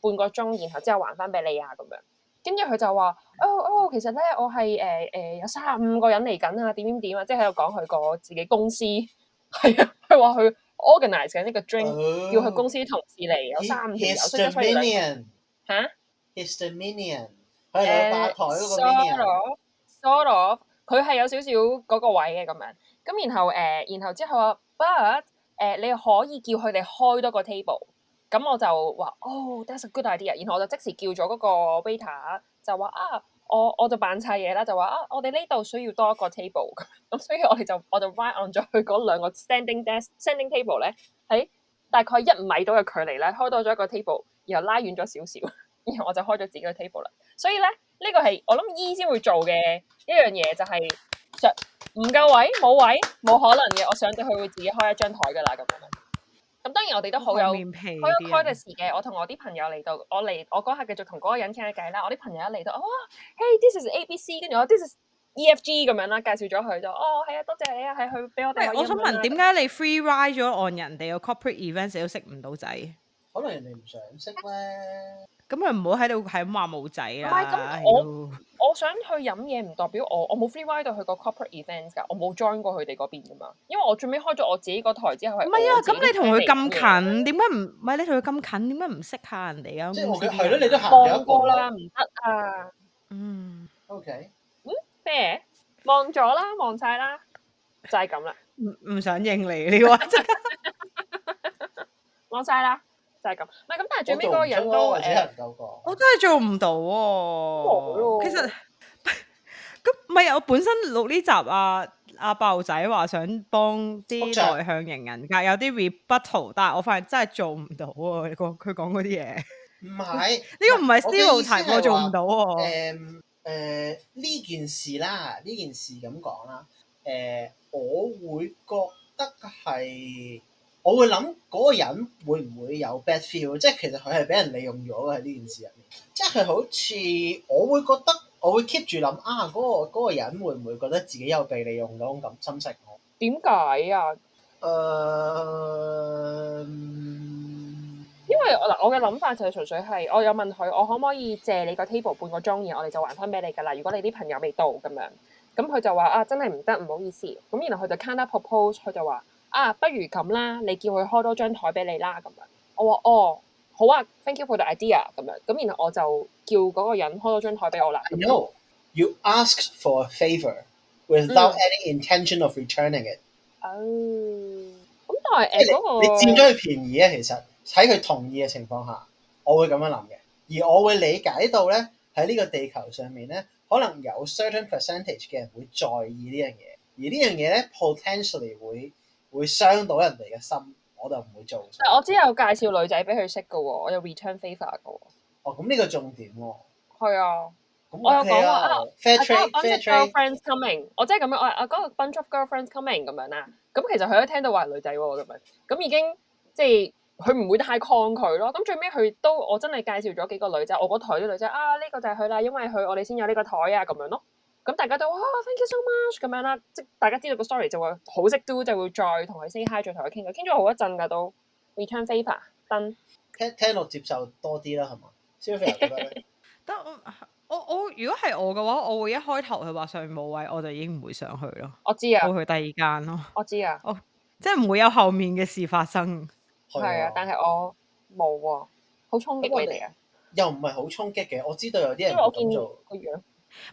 半 oh, oh,、呃呃、個鐘，然後之後還翻俾你啊咁樣。跟住佢就話：哦哦，其實咧，我係誒誒有三五個人嚟緊啊，點點點啊，即係喺度講佢個自己公司係啊。佢話佢 organize 緊一個 drink，叫佢公司同事嚟，有三五人。嚇，historian，佢係嚟打台嗰個 minion。Sort of，佢係有少少嗰個位嘅咁樣。咁然後誒，然後之後話，but 誒、呃，你可以叫佢哋開多個 table。咁我就話哦、oh,，that's a good idea。然後我就即時叫咗嗰個 waiter，就話啊、ah,，我我就扮晒嘢啦，就話啊，ah, 我哋呢度需要多一個 table。咁 所以我哋就我就 ride on 咗佢嗰兩個 standing desk、standing table 咧，喺大概一米到嘅距離咧，開多咗一個 table，然後拉遠咗少少，然後我就開咗自己嘅 table 啦。 所以咧，呢、這個係我諗 E 先會做嘅一樣嘢，就係上唔夠位，冇位，冇可能嘅。我想到、e、佢會、就是、自己開一張台噶啦咁。咁、嗯、當然我哋都好有好有 coatis 嘅，我同我啲朋友嚟到，我嚟我嗰刻繼續同嗰個人傾下偈啦。我啲朋友一嚟到，哇、哦、Hey this is A B C，跟住我 this is E F G 咁樣啦，介紹咗佢就，哦，係啊，多謝你啊，係、啊、去俾我哋喂。啊、我想問點解你 free ride 咗 on 人哋嘅 corporate events 你都識唔到仔？可能人哋唔想識咧。咁佢唔好喺度，喺度話冇仔啦。唔係咁，我 我想去飲嘢，唔代表我我冇 free ride 到去個 Corporate Event 噶，我冇 join 過佢哋嗰邊噶嘛。因為我最尾開咗我自己個台之後係。唔係啊，咁你同佢咁近，點解唔？唔係、啊、不你同佢咁近，點解唔識下人哋、就是、啊？即同佢係咯，你都行過啦，唔得啊。嗯。OK。嗯？fair 望咗啦，望晒啦，就係咁啦。唔唔想應你你話真，望晒啦。就係咁，唔係咁，但係最尾嗰個人都誒，我真係做唔到喎、啊。 其實咁唔係我本身錄呢集啊，阿、啊、爆仔話想幫啲內向型人格有啲 rebuttal，但係我發現真係做唔到啊。講佢講嗰啲嘢，唔係呢個唔係 Steve 嘅題，我做唔到喎、啊。誒呢、呃呃呃、件事啦，呢件事咁講啦，誒、呃、我會覺得係。我會諗嗰個人會唔會有 bad feel，即係其實佢係俾人利用咗喺呢件事入面，即係佢好似我會覺得我會 keep 住諗啊嗰個嗰個人會唔會覺得自己有被利用咗咁心情？點解啊？誒，因為嗱，我嘅諗法就係純粹係我有問佢，我可唔可以借你個 table 半個鐘嘅，然我哋就還翻俾你㗎啦。如果你啲朋友未到咁樣，咁佢就話啊，真係唔得，唔好意思。咁然後佢就 cannot propose，佢就話。啊，不如咁啦，你叫佢開多張台俾你啦，咁樣我話哦好啊，thank you for the idea 咁樣咁，然後我就叫嗰個人開多張台俾我啦。No, you ask for a favor without、嗯、any intention of returning it. 哦，咁但係誒你、欸、你佔咗佢便宜咧、啊，其實喺佢同意嘅情況下，我會咁樣諗嘅。而我會理解到咧喺呢個地球上面咧，可能有 certain percentage 嘅人會在意呢樣嘢，而呢樣嘢咧 potentially 會。會傷到人哋嘅心，我就唔會做。我之前有介紹女仔俾佢識嘅喎、哦，我有 return favour 嘅喎。哦，咁呢、哦、個重點喎、哦。係啊，OK、啊我有講話啊，fair trade Coming，我即係咁樣，我我嗰個 bunch of girlfriends coming 咁樣啦。咁其實佢一聽到話係女仔喎，咁樣咁已經即係佢唔會太抗拒咯。咁最尾佢都我真係介紹咗幾個女仔，我嗰台啲女仔啊，呢、呢個就係佢啦，因為佢我哋先有呢個台啊，咁樣咯。咁大家都啊、oh，thank you so much 咁樣啦，即大家知道個 story 就會好識 do，就會再同佢 say hi，再同佢傾偈，傾咗好一陣㗎都。Return favor 真。聽聽落接受多啲啦，係嘛？消費得我我，我如果係我嘅話，我會一開頭佢話上面冇位，我就已經唔會上去咯。我知啊。會去第二間咯。我知啊。我即唔會有後面嘅事發生。係啊，啊嗯、但係我冇喎，好衝擊你哋們啊！又唔係好衝擊嘅，我知道有啲人。因為我見到個樣。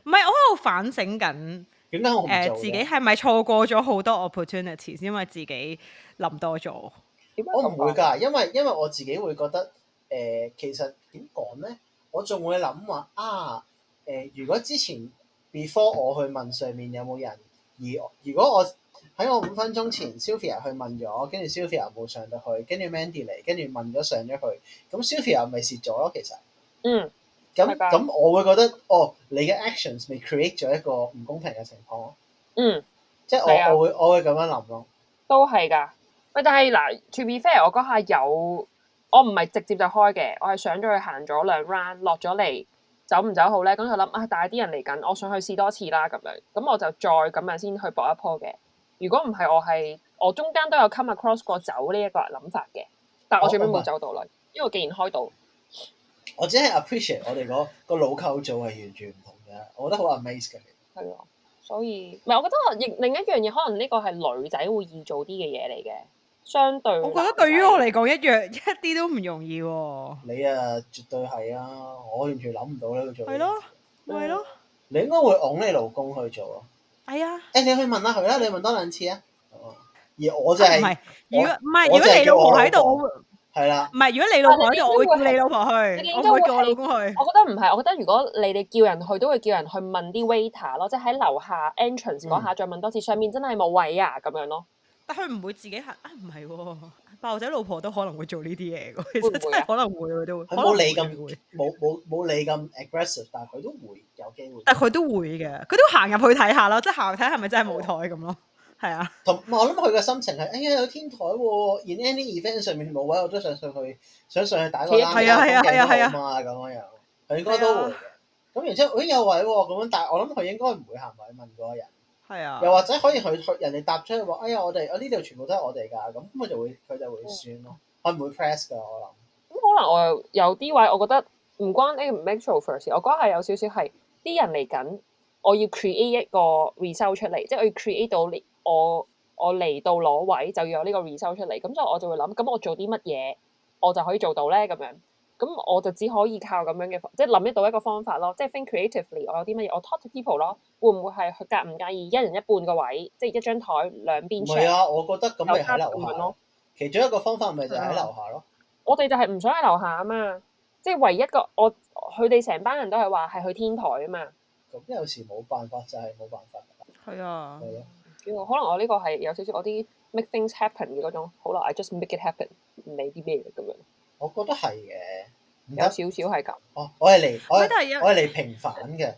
唔係，我喺度反省緊，誒，自己係咪錯過咗好多 opportunity，因為自己諗多咗。點解我唔會噶？因為因為我自己會覺得，誒、呃，其實點講咧？我仲會諗話啊，誒、呃，如果之前 before 我去問上面有冇人，而如果我喺我五分鐘前，Sylvia、嗯、去問咗，跟住 Sylvia 冇上到去，跟住 Mandy 嚟，跟住問咗上咗去，咁 Sylvia 咪蝕咗咯，其實。嗯。咁那的我會覺得哦，你嘅 actions 未 create 咗一個唔公平嘅情況咯。嗯，即係我的我會我會咁樣諗咯。都係㗎。咪但係嗱，to be fair，我嗰下有我唔係直接就開嘅，我係上咗去行咗兩 round，落咗嚟走唔走，走好咧？咁就諗啊，帶啲人嚟緊，我想去試多次啦，咁樣咁我就再咁樣先去搏一波嘅。如果唔係，我係我中間都有 come across 過走呢一個諗法嘅，但我最尾冇走到啦，因為我既然開到。我只係 appreciate 我哋嗰個腦構造係完全唔同嘅，我覺得好 amazed 嘅。係啊，所以唔係我覺得另一樣嘢，可能呢個係女仔會易做啲嘅嘢嚟嘅，相對我覺得對於我嚟講一樣一啲都唔容易喎、啊。你啊，絕對係啊，我完全諗唔到呢個做。係咯，係、就、咯、是嗯。你應該會揹你老公去做咯。係啊。誒、欸，你去問下佢啦，你問多兩次啊。而我就係、是。唔係，如果唔係，如果，如果你老婆喺度。係啦，唔係如果你老婆，我、啊、會叫你老婆去，是會是我會叫我老公去。我覺得唔係，我覺得如果你哋叫人去，都會叫人去問啲 waiter 咯，即係喺樓下 entrance 嗰下再問多次，嗯、上面真係冇位啊咁樣咯。但佢唔會自己行啊？唔、哎、係，包仔老婆都可能會做呢啲嘢嘅，真係，可能會都會。佢冇你咁冇冇冇你咁 aggressive，但係佢都會有機會。但佢都會嘅，佢都行入去睇下咯，即係行入睇下係咪真係冇枱咁、哦、咯。係啊，同我諗佢嘅心情係，哎呀有天台喎、哦，而 any event 上面冇位，我都想上去，想上去打個籃，係啊係啊係啊咁樣樣，佢應該都會嘅。咁然之後，咦、哎、有位喎，咁樣，但係我諗佢應該唔會行埋去問嗰個人，係啊。 又或者可以去人哋搭出嚟話，哎呀我哋呢度全部都係我哋㗎，咁佢就會佢就會算咯，佢唔、嗯、會 press 㗎我諗。咁、嗯、可能我有啲位我覺得唔關呢個 metro first，我覺得係有少少係啲人嚟緊，我要 create 一個 result 出嚟，即係我要 create 到。我我嚟到攞位就要有呢個 result 出嚟，咁所以我就會諗，咁我做啲乜嘢我就可以做到咧？咁樣咁我就只可以靠咁樣嘅，即係諗得到一個方法咯。即係 think creatively，我有啲乜嘢，我 talk to people 咯。會唔會係佢介唔介意一人一半個位，即係一張台兩邊 share？係啊，我覺得咁咪喺樓下咯。其中一個方法咪就喺樓下咯。啊、我哋就係唔想喺樓下啊嘛，即係唯一,一個我佢哋成班人都係話係去天台啊嘛。咁有時冇辦法就係冇辦法。係、就是、啊。可能我呢個係有少少我啲 make things happen 嘅嗰種，好啦，I just make it happen，唔理啲咩咁樣。我覺得係嘅，有少少係咁。哦，我係嚟，我係，我係嚟平反嘅。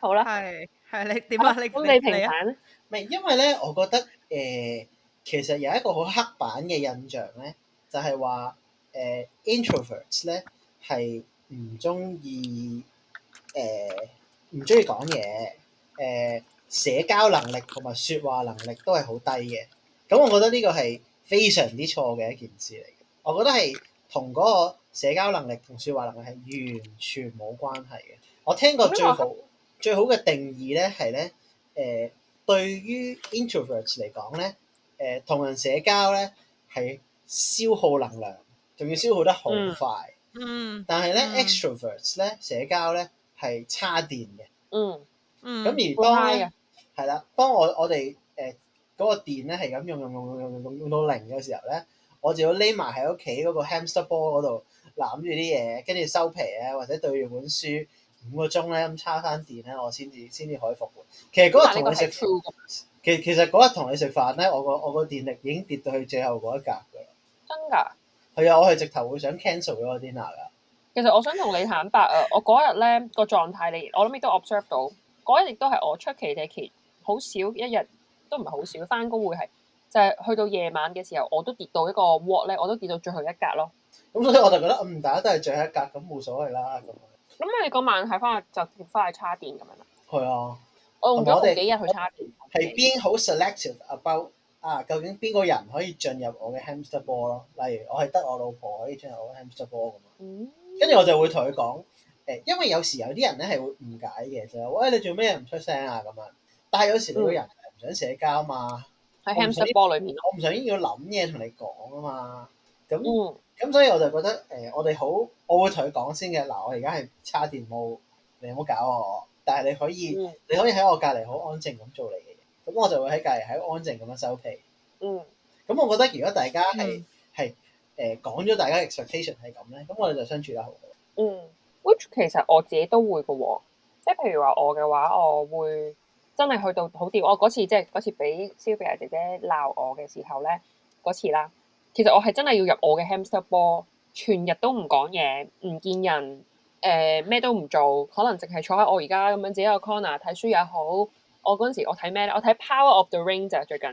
好啦，係係你點啊？你你平反？咩？因為咧，我覺得誒，其實有一個好刻板嘅印象咧，就係、是呃呃、話誒 introverts 咧係唔中意誒唔中意講嘢誒。呃社交能力同埋説話能力都係好低嘅，咁我覺得呢個係非常之錯嘅一件事嚟。我覺得係同嗰個社交能力同説話能力係完全冇關係嘅。我聽過最好最好嘅定義咧係咧，誒、呃、對於 introverts 嚟講咧，誒、呃、同人社交咧係消耗能量，仲要消耗得好快，嗯。嗯，但係咧、嗯、extroverts 咧社交咧係差電嘅、嗯。嗯嗯，咁而當係啦，當我我哋誒嗰個電咧係咁用用用用用用用，用到零嘅時候咧，我就要匿埋喺屋企嗰個 hamster ball 嗰度攬住啲嘢，跟住收皮啊，或者對住本書五個鐘咧咁叉翻電咧，我先至先至可以復活。其實嗰日同你食，其其實嗰日同你食飯咧，我個我個電力已經跌到去最後嗰一格㗎啦。真㗎的？係啊，我係直頭會想 cancel 咗個 dinner 㗎。其實我想同你坦白啊，我嗰日咧個狀態， 我你我諗你都 observe 到，嗰日亦都係我出奇地 h 好少一日都唔係好少，返工會係就係、是、去到夜晚嘅時候，我都跌到一個 what 咧，我都跌到最後一格咯。咁所以我就覺得，嗯，大家都係最後一格，咁冇所謂啦。咁，咁你嗰晚睇翻就跌翻、啊、去叉電咁樣啦。係啊，我用咗好幾日去叉電。係邊好 selective about 啊？究竟邊個人可以進入我嘅 hamster ball 咯？例如我係得我老婆可以進入我 hamster ball 咁，跟住、嗯、我就會同佢講誒，因為有時有啲人咧係會誤解嘅，就係喂你做咩唔出聲啊咁樣。但係有時你個人唔想社交嘛，喺 c a 波裏面，我唔想要諗嘢同你講啊嘛。咁咁、嗯、所以我就覺得誒、呃，我哋好我會同佢講先嘅。嗱，我而家係叉電 mode，你唔好搞我。但係你可以、嗯、你可以喺我隔離好安靜咁做你嘅嘢，咁我就會喺隔離喺安靜咁樣收皮。嗯，咁我覺得如果大家係係誒講咗大家 expectation 係咁咧，咁我哋就相處得好好啦。嗯，which 其實我自己都會嘅喎，即係譬如話我嘅話，我會。真係去到好啲，我、哦、嗰次即係嗰次俾 Sylvia 姐姐鬧我嘅時候咧，嗰次啦，其實我係真係要入我嘅 hamster ball，全日都唔講嘢，唔見人，誒、呃、咩都唔做，可能淨係坐喺我而家咁樣自己個 corner 睇書又好。我嗰陣時我睇咩咧？我睇《Power of the Ring》啊，最近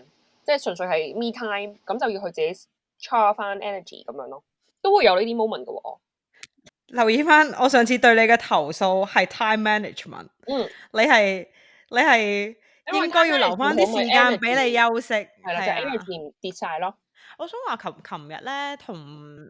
即係純粹係 me time，咁就要去自己 charge 翻 energy 咁樣咯，都會有呢啲 moment 嘅喎。留意翻，我上次對你嘅投訴係 time management。嗯，你係。你係應該要留翻啲時間俾你休息，係啦， 呢呢就係因為跌跌晒咯。我想話，琴琴日咧同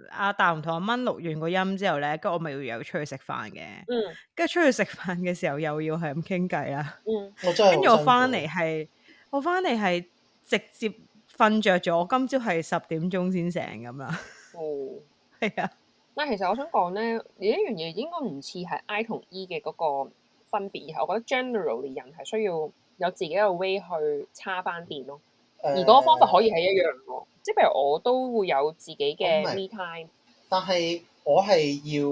阿大同阿蚊錄完個音之後咧，跟住我咪要又出去食飯嘅。嗯，跟住出去食飯嘅時候又要係咁傾偈啦。嗯，跟住我翻嚟係，我翻嚟係直接瞓着咗。今朝係十點鐘先醒咁啦。哦，係啊。但其實我想講咧，呢一樣嘢應該唔似係 I 同 E 嘅嗰、嗰個分別，然後我覺得 generally 人係需要有自己嘅 way 去叉翻電咯。如果、呃、個方法可以係一樣咯，即係譬如我都會有自己嘅 me time，但係我係要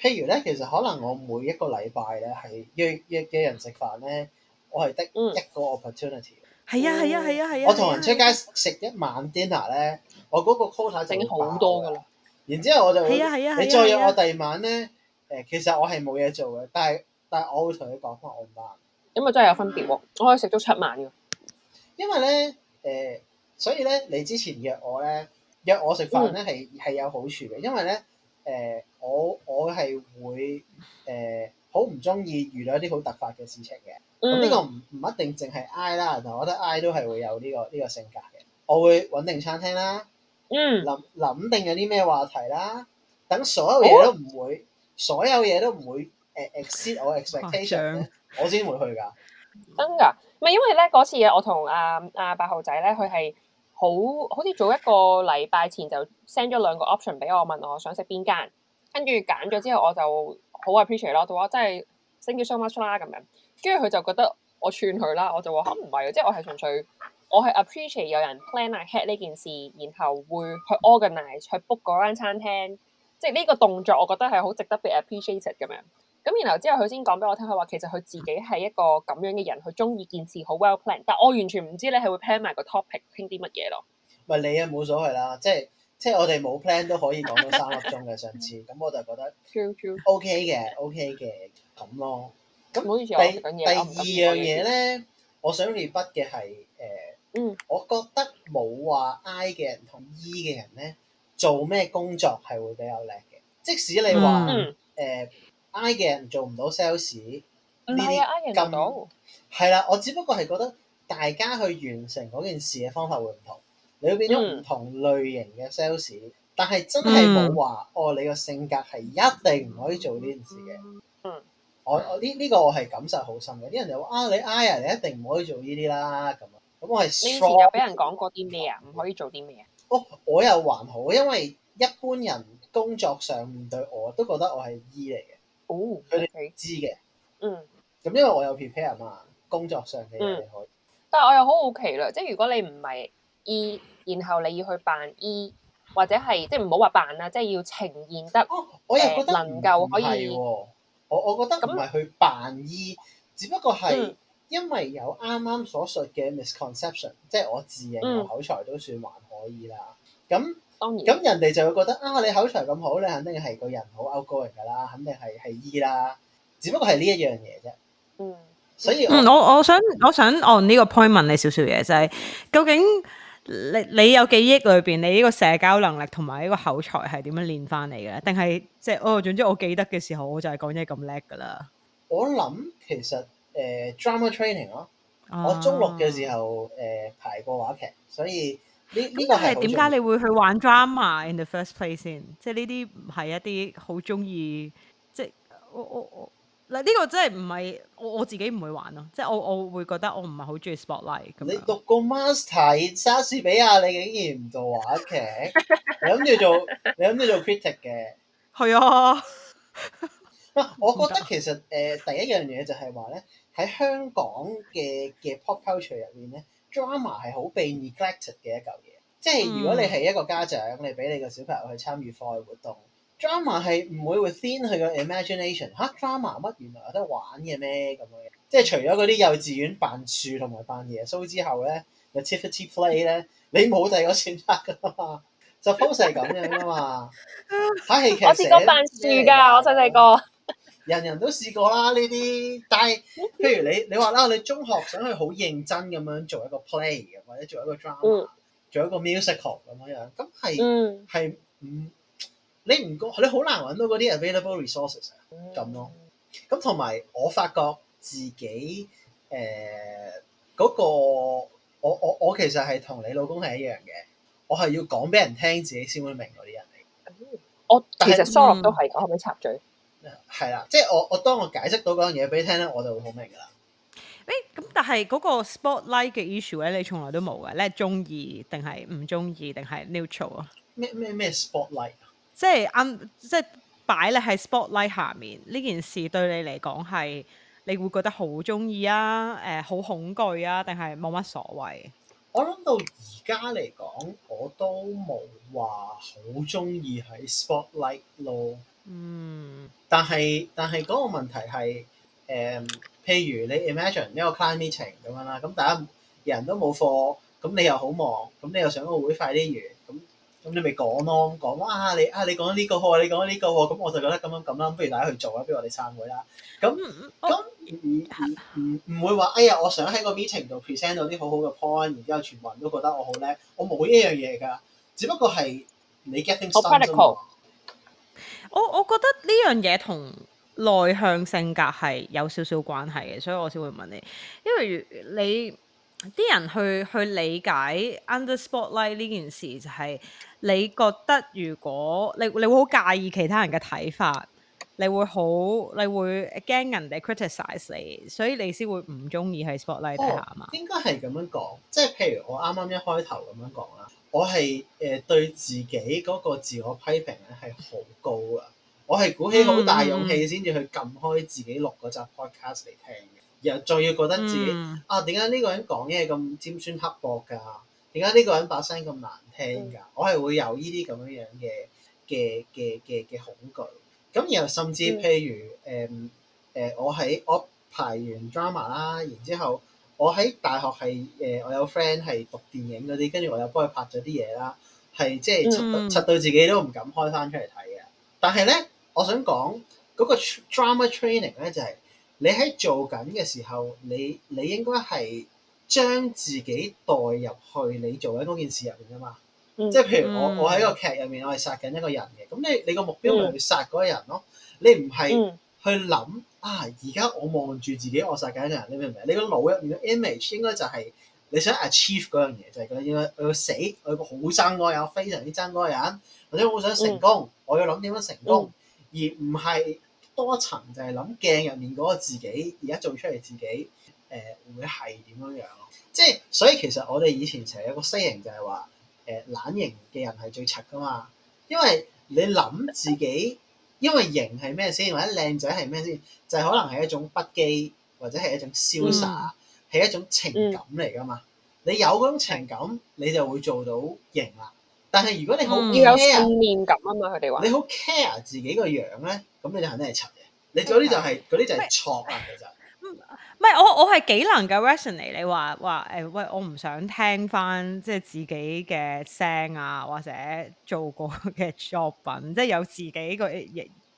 譬如咧，其實可能我每一個禮拜咧係約約嘅人食飯咧，我係得一個 opportunity 係啊係啊係啊係啊。嗯嗯、我同人出街食一晚 dinner 咧，我嗰個 quota 整好多㗎啦。然之後我就係啊係啊，啊，啊你再約我第二晚咧，誒其實我係冇嘢做嘅，但係。但我會同你講翻，我唔得。因為，真係有分別喎！我可以食足七晚嘅，因為咧，誒、呃，所以咧，你之前約我咧，約我食飯咧，係係、嗯、有好處嘅。因為咧，誒、呃，我我係會誒，好唔中意遇到一啲好突發嘅事情嘅。咁呢、嗯、個唔唔一定淨係 I 啦，但我覺得 I 都係會有呢、呢個呢、呢個性格嘅。我會搵定餐廳啦，嗯，諗諗定有啲咩話題啦，等所有嘢都唔會，哦、所有嘢都唔會。誒 exceed、啊、 我 expectation，我先會去㗎，真㗎。咪因為咧嗰次我同阿阿八號仔咧，佢係好好似早一個禮拜前就 send 咗兩個 option 俾我，問我想食邊間，跟住揀咗之後我 ate，我、so 我，我就好 appreciate 咯，我真係 thank you so much 啦咁樣。跟住佢就覺得我串佢啦，我就話嚇唔係，即係我係純粹我係 appreciate 有人 plan ahead 呢件事，然後會去 organize 去 book 嗰間餐廳，即係呢個動作我覺得係好值得被 appreciate 咁樣。咁，然後之後佢先講俾我聽，佢話其實佢自己係一個咁樣嘅人，佢中意件事好 well plan，但係我完全唔知你係會 plan 埋個 topic 傾啲乜嘢咯。唔係你啊，冇所謂啦，即係即係我哋冇 plan 都可以講到三粒鐘嘅上次，咁我就覺得 ok 嘅，ok 嘅咁咯。咁唔好意思，第第二樣嘢咧，我想 rebut 嘅係誒，我覺得冇話 I 嘅人同 E 嘅人咧做咩工作係會比較叻嘅，即使你話誒。I 嘅人做唔到 sales 呢啲 I 人咁係啦，我只不過係覺得大家去完成嗰件事嘅方法會唔同，你會變咗唔同類型嘅 sales、嗯、但係真係冇話哦，你個性格係一定唔可以做呢件事嘅。嗯，我我呢呢、呢個我係感受好深嘅，啲人就話啊，你 I 啊，你一定唔可以做呢啲啦咁啊，咁我係呢次有俾人講過啲咩啊？唔可以做啲咩啊？哦，我又還好，因為一般人工作上面對我都覺得我係 E 嚟嘅。哦，佢哋知嘅，嗯，咁因為我有 prepare 嘛，工作上嘅嘢可以。但係我又好好奇啦，即係如果你唔係醫，然後你要去扮醫，或者係即係唔好話扮啦，即係要，要呈現得，哦，我又覺得、呃、能夠可以。係喎、哦，我我覺得咁唔係去扮醫，嗯、只不過係因為有啱啱所説嘅 misconception，即係、嗯、我自認口才都算還可以啦。咁、嗯當然。咁人哋就會覺得啊，你口才咁好，你肯定係個人好 outgoing 噶啦，肯定係係 E 啦。只不過係呢一樣嘢啫。嗯，所以我、嗯、我，我想我想按呢個 point 問你少少嘢，就係、是、究竟你你有記憶裏邊，你呢個社交能力同埋呢個口才係點樣練翻嚟嘅？定係即係哦，總之我記得嘅時候，我就係講嘢咁叻噶啦。我諗其實誒、呃、drama training 咯，我中六嘅時候誒、呃、排過話劇，所以。呢咁係點解你會去玩 drama in the first place 先？即係呢啲唔係一啲好中意，即係我我我嗱，呢個真係唔係我我自己唔會玩咯。即係我我會覺得我唔係好中意 spotlight。你讀過 master 莎士比亞你 你，你竟然唔做話劇，你諗住做你諗住做 critic 嘅？係是啊。 我覺得其實誒、呃、第一樣嘢就係話咧，喺香港嘅嘅 pop culture 入面咧。drama 係好被 neglected 嘅一嚿嘢，即係如果你係一個家長，你俾你個小朋友去參與課外活動，drama 係唔會會先佢個 imagination 吓 drama 乜原來有得玩嘅咩咁嘅，即係除咗嗰啲幼稚園扮樹同埋扮耶穌之後咧 a t i f f i t y playactivity play 咧你冇第二個選擇噶嘛，就 form 就係咁樣噶嘛嚇、 啊。我試過扮樹㗎，我細細個。人人都試過啦呢啲，但係譬如你你話啦，你中學想去好認真咁樣做一個 play，或者做一個 drama，、嗯、做一個 musical 咁樣，咁係係唔你唔覺你好難揾到嗰啲 available resources 咁咯。咁同埋我發覺自己誒嗰、呃嗰個我我我其實係同你老公係一樣嘅，我係要講俾人聽自己先會明嗰啲人嚟。哦，我其實 sorry 都係，我可唔可以插嘴？係啦，即係我我當我解釋到嗰樣嘢俾你聽咧，我就會好明噶啦。誒、欸，咁但係嗰個 spotlight 嘅 issue 咧，你從來都冇嘅，你係中意定係唔中意定係 neutral 啊？咩咩咩 spotlight？即係啱、嗯，即係擺你喺 spotlight 下面呢件事，對你嚟講係你會覺得好中意啊？誒、呃，好恐懼啊？定係冇乜所謂？我諗到而家嚟講，我都冇話好中意喺 spotlight 咯。嗯，但係但係嗰個問題係、呃、譬如你 imagine 呢個 client meeting 咁樣啦，咁大家人都冇課，咁你又好忙，咁你又想個會快啲完，咁咁你咪講咯，講哇你啊你講呢個喎，你講呢、啊呢個喎，咁、呢個呢個、我就覺得咁樣咁啦，不如大家去做啦，啊啊、不如我哋散會啦，咁咁唔唔唔唔會話哎呀，我想喺個 meeting 度 present 到啲好好嘅 point，然之後全部人都覺得我好叻，我冇呢樣嘢㗎，只不過係你 getting 身好 c r 我我覺得呢樣嘢同內向性格係有少少關係嘅，所以我先會問你，因為你啲人去去理解 under spotlight 呢件事，就係、是、你覺得如果你你會好介意其他人嘅睇法，你會好你會驚人哋 criticise 你，所以你先會唔中意喺 spotlight 底下嘛、哦？應該係咁樣講，即係譬如我啱啱一開頭咁樣講啦。我係誒對自己嗰個自我批評咧係好高啊。我係鼓起好大勇氣先至去撳開自己錄嗰集 podcast 嚟聽嘅，然後仲要覺得自己、嗯、啊點解呢個人講嘢咁尖酸刻薄㗎？點解呢個人把聲咁難聽㗎？嗯、我係會有呢啲咁樣樣嘅嘅嘅嘅嘅恐懼，咁然後甚至譬、嗯、如誒誒、嗯、我喺我排完 Drama 啦，然之後。我喺大學係誒、呃，我有 friend 係讀電影嗰啲，跟住我又幫佢拍咗啲嘢啦，係即係出到自己都唔敢開返出嚟睇嘅。但係咧，我想講嗰、那個 drama training 咧，就係、是、你喺做緊嘅時候，你你應該係將自己代入去你做緊嗰件事入面㗎嘛。即、就、係、是、譬如我我喺個劇入面，我係殺緊一個人嘅，咁你你個目標咪去殺嗰個人咯，你唔係去諗。啊！而家我望住自己我殺緊嘅人，你明唔明？你個腦入面嘅 image 應該就係你想 achieve 嗰樣嘢，就係覺得應該我要死，我要有個好爭，我有非常之爭嗰人，或者我好想成功，嗯、我要諗點樣成功，嗯、而唔係多層就係諗鏡入面嗰個自己，而家做出嚟自己誒、呃、會係點樣樣咯。即、就、係、是、所以其實我哋以前成日有個 saying 就係話誒懶型嘅人係最柒噶嘛，因為你諗自己。因為型係咩先，或者靚仔係咩先，就係、可能係一種不羈，或者係一種瀟灑，係、嗯、一種情感嚟㗎嘛。你有嗰種情感，你就會做到型啦。但係如果你好要有信念啊嘛，佢哋話你好 care 自己個樣咧，咁你，你就肯定係蠢嘅。你嗰啲就係、是、啲的就係錯啊，其實。唔係我我係幾能夠 rationally，你話話，誒喂，我唔想聽翻即係自己嘅聲啊，或者做過嘅作品，即係有自己個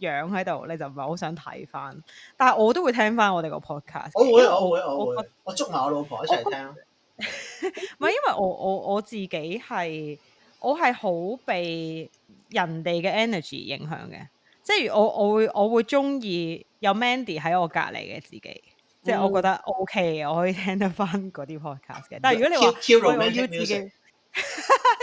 樣喺度，你就唔係好想睇翻。但係我都會聽翻我哋個 podcast。我會我會我我捉埋我老婆一齊聽不。唔係 因為我我我自己係我係好被人哋嘅 energy 影響嘅。即係我我會我會中意有 Mandy 喺我隔籬嘅自己，嗯、即係我覺得 O、OK, K，我可以聽得翻嗰啲 podcast 嘅。但係如果你話我要自己，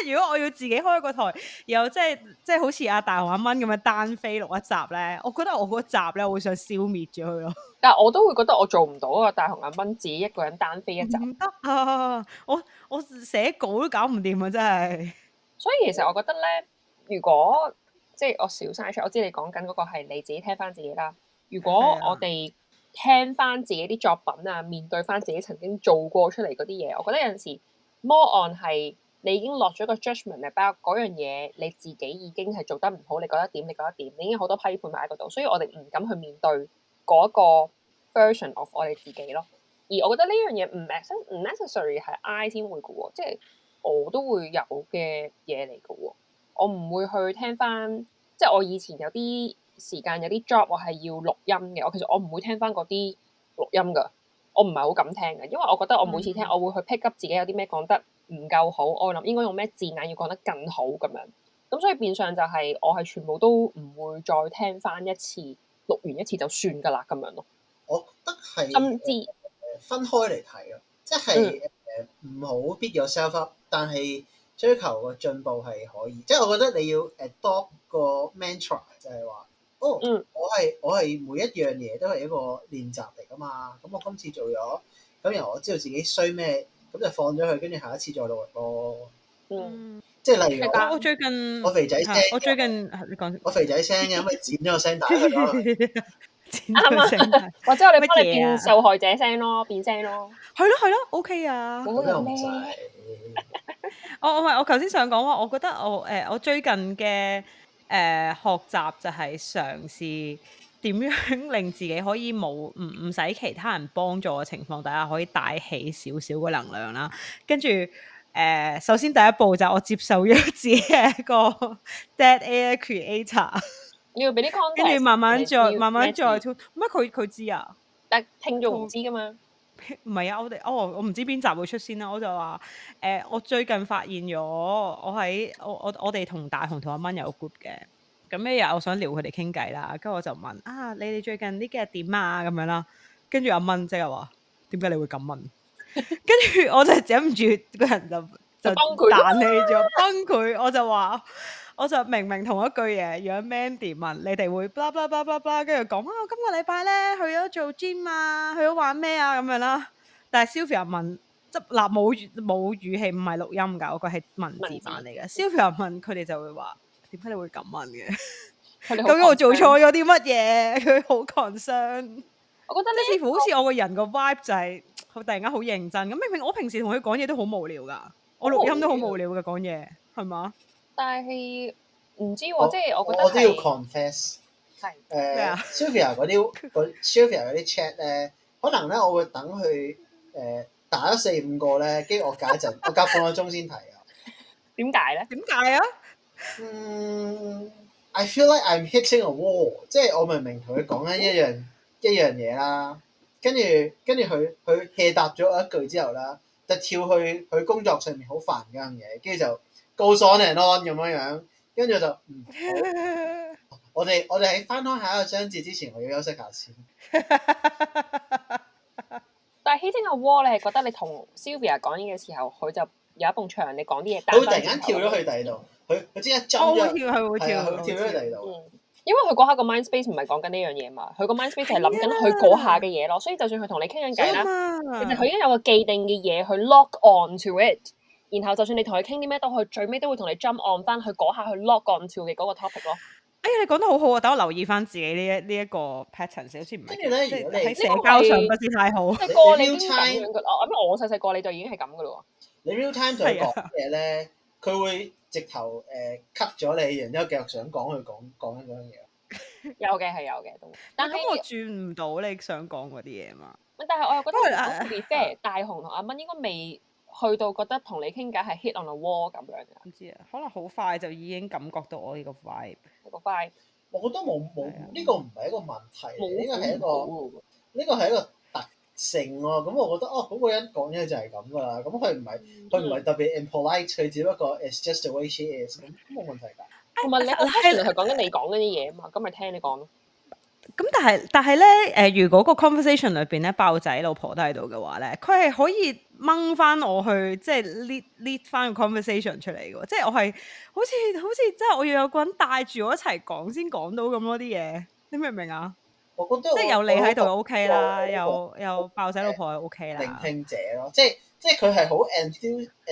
如果我要自己開個台，然後即係即係好似阿大雄、阿蚊咁樣單飛錄一集咧，我覺得我嗰集咧，我會想消滅咗佢咯。但係我都會覺得我做唔到啊！大雄、阿蚊自己一個人單飛一集唔得、啊、我我寫稿都搞唔掂啊！真係。所以其實我覺得咧，如果即係我少嘥出，我知你講緊嗰個係你自己聽翻自己啦。如果我哋聽翻自己啲作品啊，面對翻自己曾經做過出嚟嗰啲嘢，我覺得有陣時 more on 係你已經落咗個 judgment about 嗰樣嘢你自己已經係做得唔好，你覺得點？你覺得點？你已經好多批判埋喺嗰度，所以我哋唔敢去面對嗰個 version of 我哋自己咯。而我覺得呢樣嘢唔 necess 唔 necessary 係 I 先會嘅喎，即係我都會有嘅嘢嚟嘅喎。我唔會去聽翻，即係我以前有啲時間有啲 job，我係要錄音嘅。我其實我唔會聽翻嗰啲錄音㗎，我唔係好敢聽嘅，因為我覺得我每次聽，嗯、我會去 pick up 自己有啲咩講得唔夠好，我會諗應該用咩字眼要講得更好咁樣。咁所以變相就係、是、我係全部都唔會再聽翻一次，錄完一次就算㗎啦咁樣咯。我覺得係甚至，分開嚟睇啊，即係誒唔好 beat yourself up 但係。追求個進步係可以，即係我覺得你要 adopt 個 mantra 就係話，哦，我係我係每一樣嘢都係一個練習嚟㗎嘛。咁我今次做咗，咁然後我知道自己衰咩，咁就放咗佢，跟住下一次再落力咯。嗯，即係例如我最近我肥仔聲，我最近你講我肥仔聲嘅，因為剪咗個聲大啲咯，剪咗聲，或者我哋咪變受害者聲咯，變聲咯，係咯係咯，OK 啊。唔使。哦、我我唔我頭先想講話，我覺得我誒、欸、我最近嘅誒、呃、學習就係嘗試點樣令自己可以冇唔唔使其他人幫助嘅情況下，大家可以帶起少少嘅能量啦。跟住誒、呃，首先第一步就係我接受咗自己係一個 dead air creator，跟住慢慢再要慢慢再，乜佢佢知啊？但聽眾唔知噶他 們嘛？唔係啊，我哋哦，我唔知邊集會出先啦、啊。我就話誒、呃，我最近發現咗，我喺我我我哋同大雄同阿蚊有 group 嘅。咁一日我想撩佢哋傾偈啦，跟住我就問啊，你哋最近呢幾日點啊？咁樣啦、啊，跟住阿蚊即係話，點解你會咁問？跟住 我就忍唔住，個人就就， 就崩潰彈 起咗，崩潰，我就話。我就明明同一句嘢，如果 Mandy 問你哋會 b l a、ah、b l a b l a b 跟住講啊，我今個禮拜咧去咗做 gym 啊，去咗玩咩啊咁樣啦。但係 Sylvia 問，即嗱冇語冇語氣，唔係錄音㗎，嗰個係文字版嚟嘅。Sylvia 問佢哋就會話，點解你會咁問嘅？ 究竟我做錯咗啲乜嘢？佢好 concern。我覺得呢，似乎好似我個人個 vibe 就係、是、好突然間好認真。咁明明我平時同佢講嘢都好無聊噶，聊我錄音都好無聊嘅講嘢，係嘛？但係唔知喎，即係我，我覺得我都要 confess 係誒 Sylvia 嗰啲 Sylvia 嗰啲 chat 咧，可能咧我會等佢誒、呃、打咗四五個咧，跟住我解一陣， 我隔半個鐘先睇啊。點解咧？點解啊？嗯，I feel like I'm hitting a wall，即係我明明同佢講緊一樣 一樣嘢啦，跟住跟住佢佢 hea 答咗我一句之後啦，就跳去佢工作上面好煩嘅嘢，跟住就。告訴 on 人 on 咁樣樣，跟住就嗯，好我哋我哋喺翻開下一個章節之前，我要休息下先。 但係 hitting a wall，你係覺得你同 Sylvia 講嘢嘅時候，佢就有一埲牆，你講啲嘢，佢會突然間跳咗去第二度，佢佢即係一 jump，我會跳，佢會跳，佢、啊、會跳咗去第二度。因為佢嗰刻個 mind space 唔係講緊呢樣嘢嘛，佢個 mind space 係諗緊佢嗰下嘅嘢咯，所以就算佢同你傾緊偈啦，的其實佢已經有個既定嘅嘢去 lock on to it。然後就算你同佢傾啲咩，都佢最尾都會同你 jump on 翻去嗰下去 lock 個五條嘅嗰個 topic 咯。哎呀，你講得好好啊！等我留意翻自己呢一呢一個 pattern 先好。跟住咧喺社交上不是太好。即你都差兩個啊！阿蚊，我細細個你就已經係咁噶咯喎。你 real time 做嘅嘢咧，佢、啊、會直頭誒 cut 咗你，然之後繼續想講佢講講嗰樣嘢。 有嘅係有嘅，但係咁我轉唔到你想講嗰啲嘢嘛？但係我又覺得即 e 大雄同阿蚊應該未。 去到覺得同你傾偈係 hit on a wall 咁樣，唔知啊，可能好快就已經感覺到我呢個 vibe，好快。個我覺得冇冇呢個唔係一個問題，應該係一個呢好個係一個特性喎。咁我覺得哦，嗰個人講嘢就係咁噶啦。咁佢唔係佢唔係特別 impolite，佢只不過 it's just the way she is，咁冇問題㗎。同埋你 interaction 係講緊你講嗰啲嘢啊嘛，咁咪聽你講咯。咁但係但係咧，誒如果個 conversation 裏邊咧，爆仔老婆都喺度嘅話咧，佢係可以掹翻我去，即係 lead lead 翻個 conversation 出嚟嘅。即係我係好似好似即係我要有個人帶住我一齊講先講到咁多啲嘢，你明唔明啊？我覺得即係有你喺度 OK 啦，有又爆仔老婆又 OK 啦。聆聽者咯，即係即係佢係好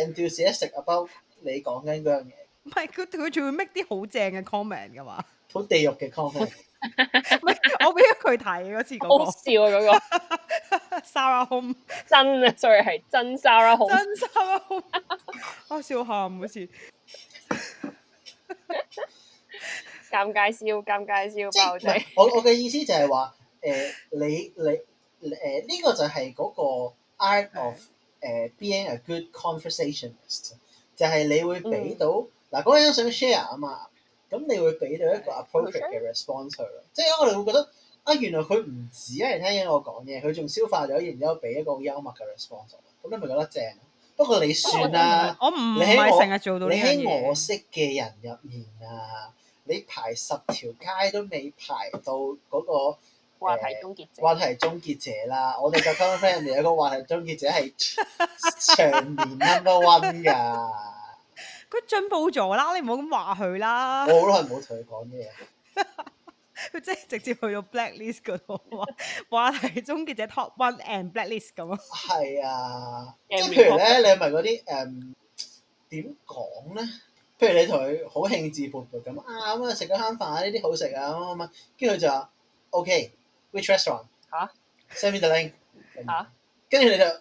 enthusiastic about 你講緊嗰樣嘢。唔係佢佢仲會 make 啲好正嘅 comment 嘅嘛？好地獄嘅 comment。 我俾咗佢睇嗰次嗰個，笑嗰個 Sarah，真啊，所以係真 Sarah 真 Sarah，啊，笑喊嗰次，尷尬笑，尷尬笑，爆仔。即係我我嘅意思就係話，誒，你你誒呢個就係嗰個 art of 誒 being a good conversationist，就係你會俾到嗱，嗰個人想 share 啊嘛。咁、嗯、你會俾到一個 appropriate 嘅 response 咯，即係我哋會覺得啊，原來佢唔止一人聽緊我講嘢，佢仲消化咗，然之後俾一個幽默嘅 response。咁你咪覺得正？不過你算啦，我唔係成日做到呢樣嘢。你喺我識嘅人入面啊，你排十條街都未排到嗰、那個、嗯、話題終結者。話題終結者啦，我哋個 common friend 有個話題終結者係長 年 number one 噶。佢進步咗啦，你唔好咁話佢啦。我好耐冇同佢講咩？佢即係直接去到 blacklist 嗰度，話話題終結者 top one and blacklist 咁 啊。係啊，即係譬如咧，嗯、你咪嗰啲誒點講咧？譬如你同佢好興致勃勃咁啊，咁啊食咗餐飯啊，呢啲好食啊，咁、OK，啊跟住佢就話 OK，which restaurant？吓 send me the link 吓？」跟住佢就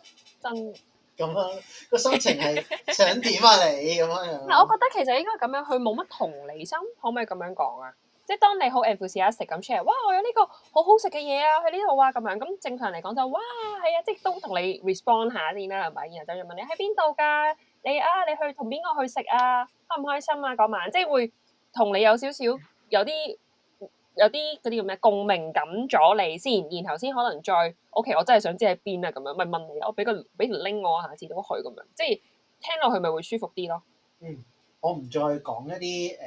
真。咁啊，個心情係想點啊？你咁樣啊？嗱、啊啊 啊，我覺得其實應該咁樣，佢冇乜同理心，可唔可以咁樣講啊？即係當你好 enthusiastic 咁 share，哇！我有呢個好好食嘅嘢啊，去呢度啊咁樣。咁正常嚟講就哇，係啊，即係都同你 respond 下先啦，係咪？然後就問你喺邊度㗎？你啊，你去同邊個去食啊？開唔開心啊？嗰、那個、晚即係會同你有少少有啲。有啲嗰啲叫咩共鳴緊咗你先，然後先可能再 OK，我真係想知喺邊啊咁樣，咪問你咯，俾個俾條 link 我啊，下次都去咁樣，即係聽落去咪會舒服啲咯。嗯，我唔再講一啲誒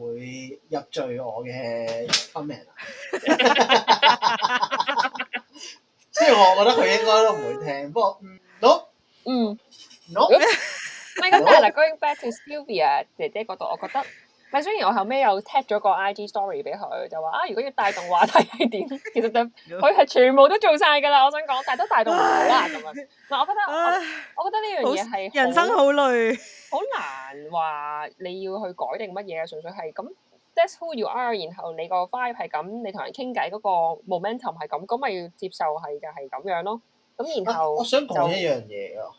會入罪我嘅 comment 啦。即係我覺得佢應該都唔會聽，不過 no，嗯 no，唔係咁啦。嗱，going back to Sylvia 姐姐嗰度，我覺得。咪雖然我後尾又 tap 咗個 IG story 俾佢，就話啊，如果要帶動話題係點？其實就佢係全部都做曬㗎啦。我想講，但係都帶動唔到啦咁樣。咪我覺得，我覺得呢樣嘢係人生好累，好難話你要去改定乜嘢啊？純粹係咁，That's who you are。然後你個 vibe 係咁，你同人傾偈嗰個 momentum 係咁，咁咪要接受係就係咁樣咯。咁然後我想講一樣嘢咯，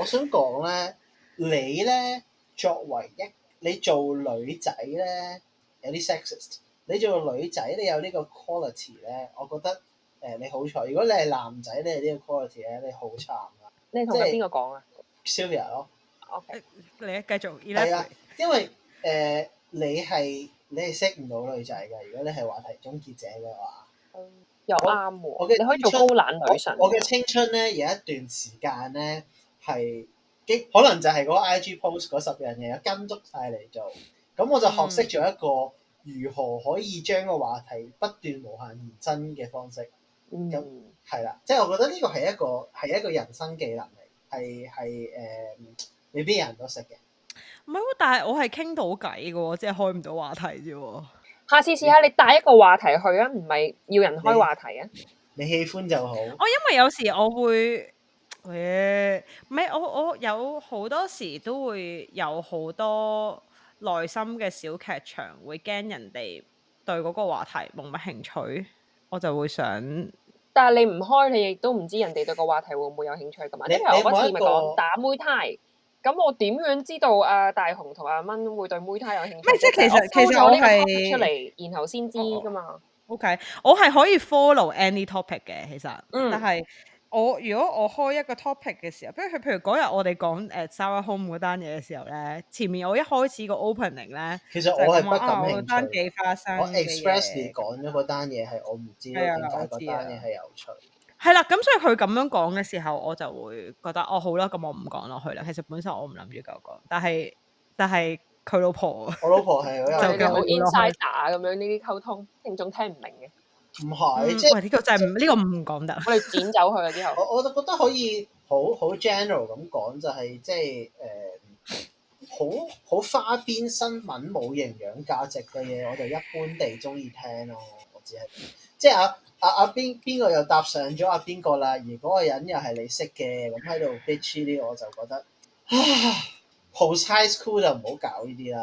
我想講咧，你咧作為一。你做女仔咧有啲 sexist，你做女仔你有呢個 quality 咧，我覺得誒、呃、你好彩。如果你係男仔，你有呢個 quality 咧，你好慘啊！你同邊個講啊？Sylvia 咯。OK，你啊，繼續。係啊，因為誒、呃、你係你係識唔到女仔㗎。如果你係話題終結者嘅話，嗯、又啱喎。我我你可以做高冷女神、啊我。我嘅青春咧有一段時間咧係。可能就係嗰 I G post 嗰十樣嘢跟足曬嚟做，咁我就學識咗一個如何可以將個話題不斷無限延伸嘅方式。咁係啦，即係、就是、我覺得呢個係一個係一個人生技能嚟，係係誒，未必、嗯、人都識嘅。唔係但係我係傾到偈嘅喎，即係開唔到話題啫。下次試下你帶一個話題去啊，唔係要人開話題啊。你喜歡就好。我因為有時我會。誒，唔係、yeah. 我我有好多時都會有好多內心嘅小劇場，會驚人哋對嗰個話題冇乜興趣，我就會想。但係你唔開，你亦都唔知人哋對個話題會唔會有興趣噶嘛？因為我嗰次咪講打妹胎，咁我點樣知道阿、啊、大雄同阿蚊會對妹胎有興趣？咪即係其實其實我出嚟然後先知噶嘛？OK，我係可以 follow any topic 嘅，其實，但係。我如果我開一個 topic 嘅時候，比如譬如嗰日我哋講誒 stay at home 嗰單嘢嘅時候咧，前面我一開始個 opening 咧，其實我係不感興趣說、哦、生我，我 expressly 講咗嗰單嘢係我唔知點解我知，嘢係有趣。係啦，咁所以佢咁樣講嘅時候，我就會覺得哦，好啦，咁我唔講落去啦。其實本身我唔諗住講個，但係但係佢老婆，我老婆係 就叫 insider 咁樣呢啲溝通聽眾聽唔明嘅。唔係，嗯、即係呢、這個就係、是、呢、就是、個唔講得。我哋剪走佢之後我我就覺得可以好好 general 咁講，就係、是、即係誒好好花邊新聞冇營養價值嘅嘢，我就一般地中意聽咯、啊。我只係即係阿阿阿邊邊個又搭上咗阿邊個啦？而嗰個人又係你識嘅，咁喺度 bitchy 啲，我就覺得啊 post high school 就唔好搞呢啲啦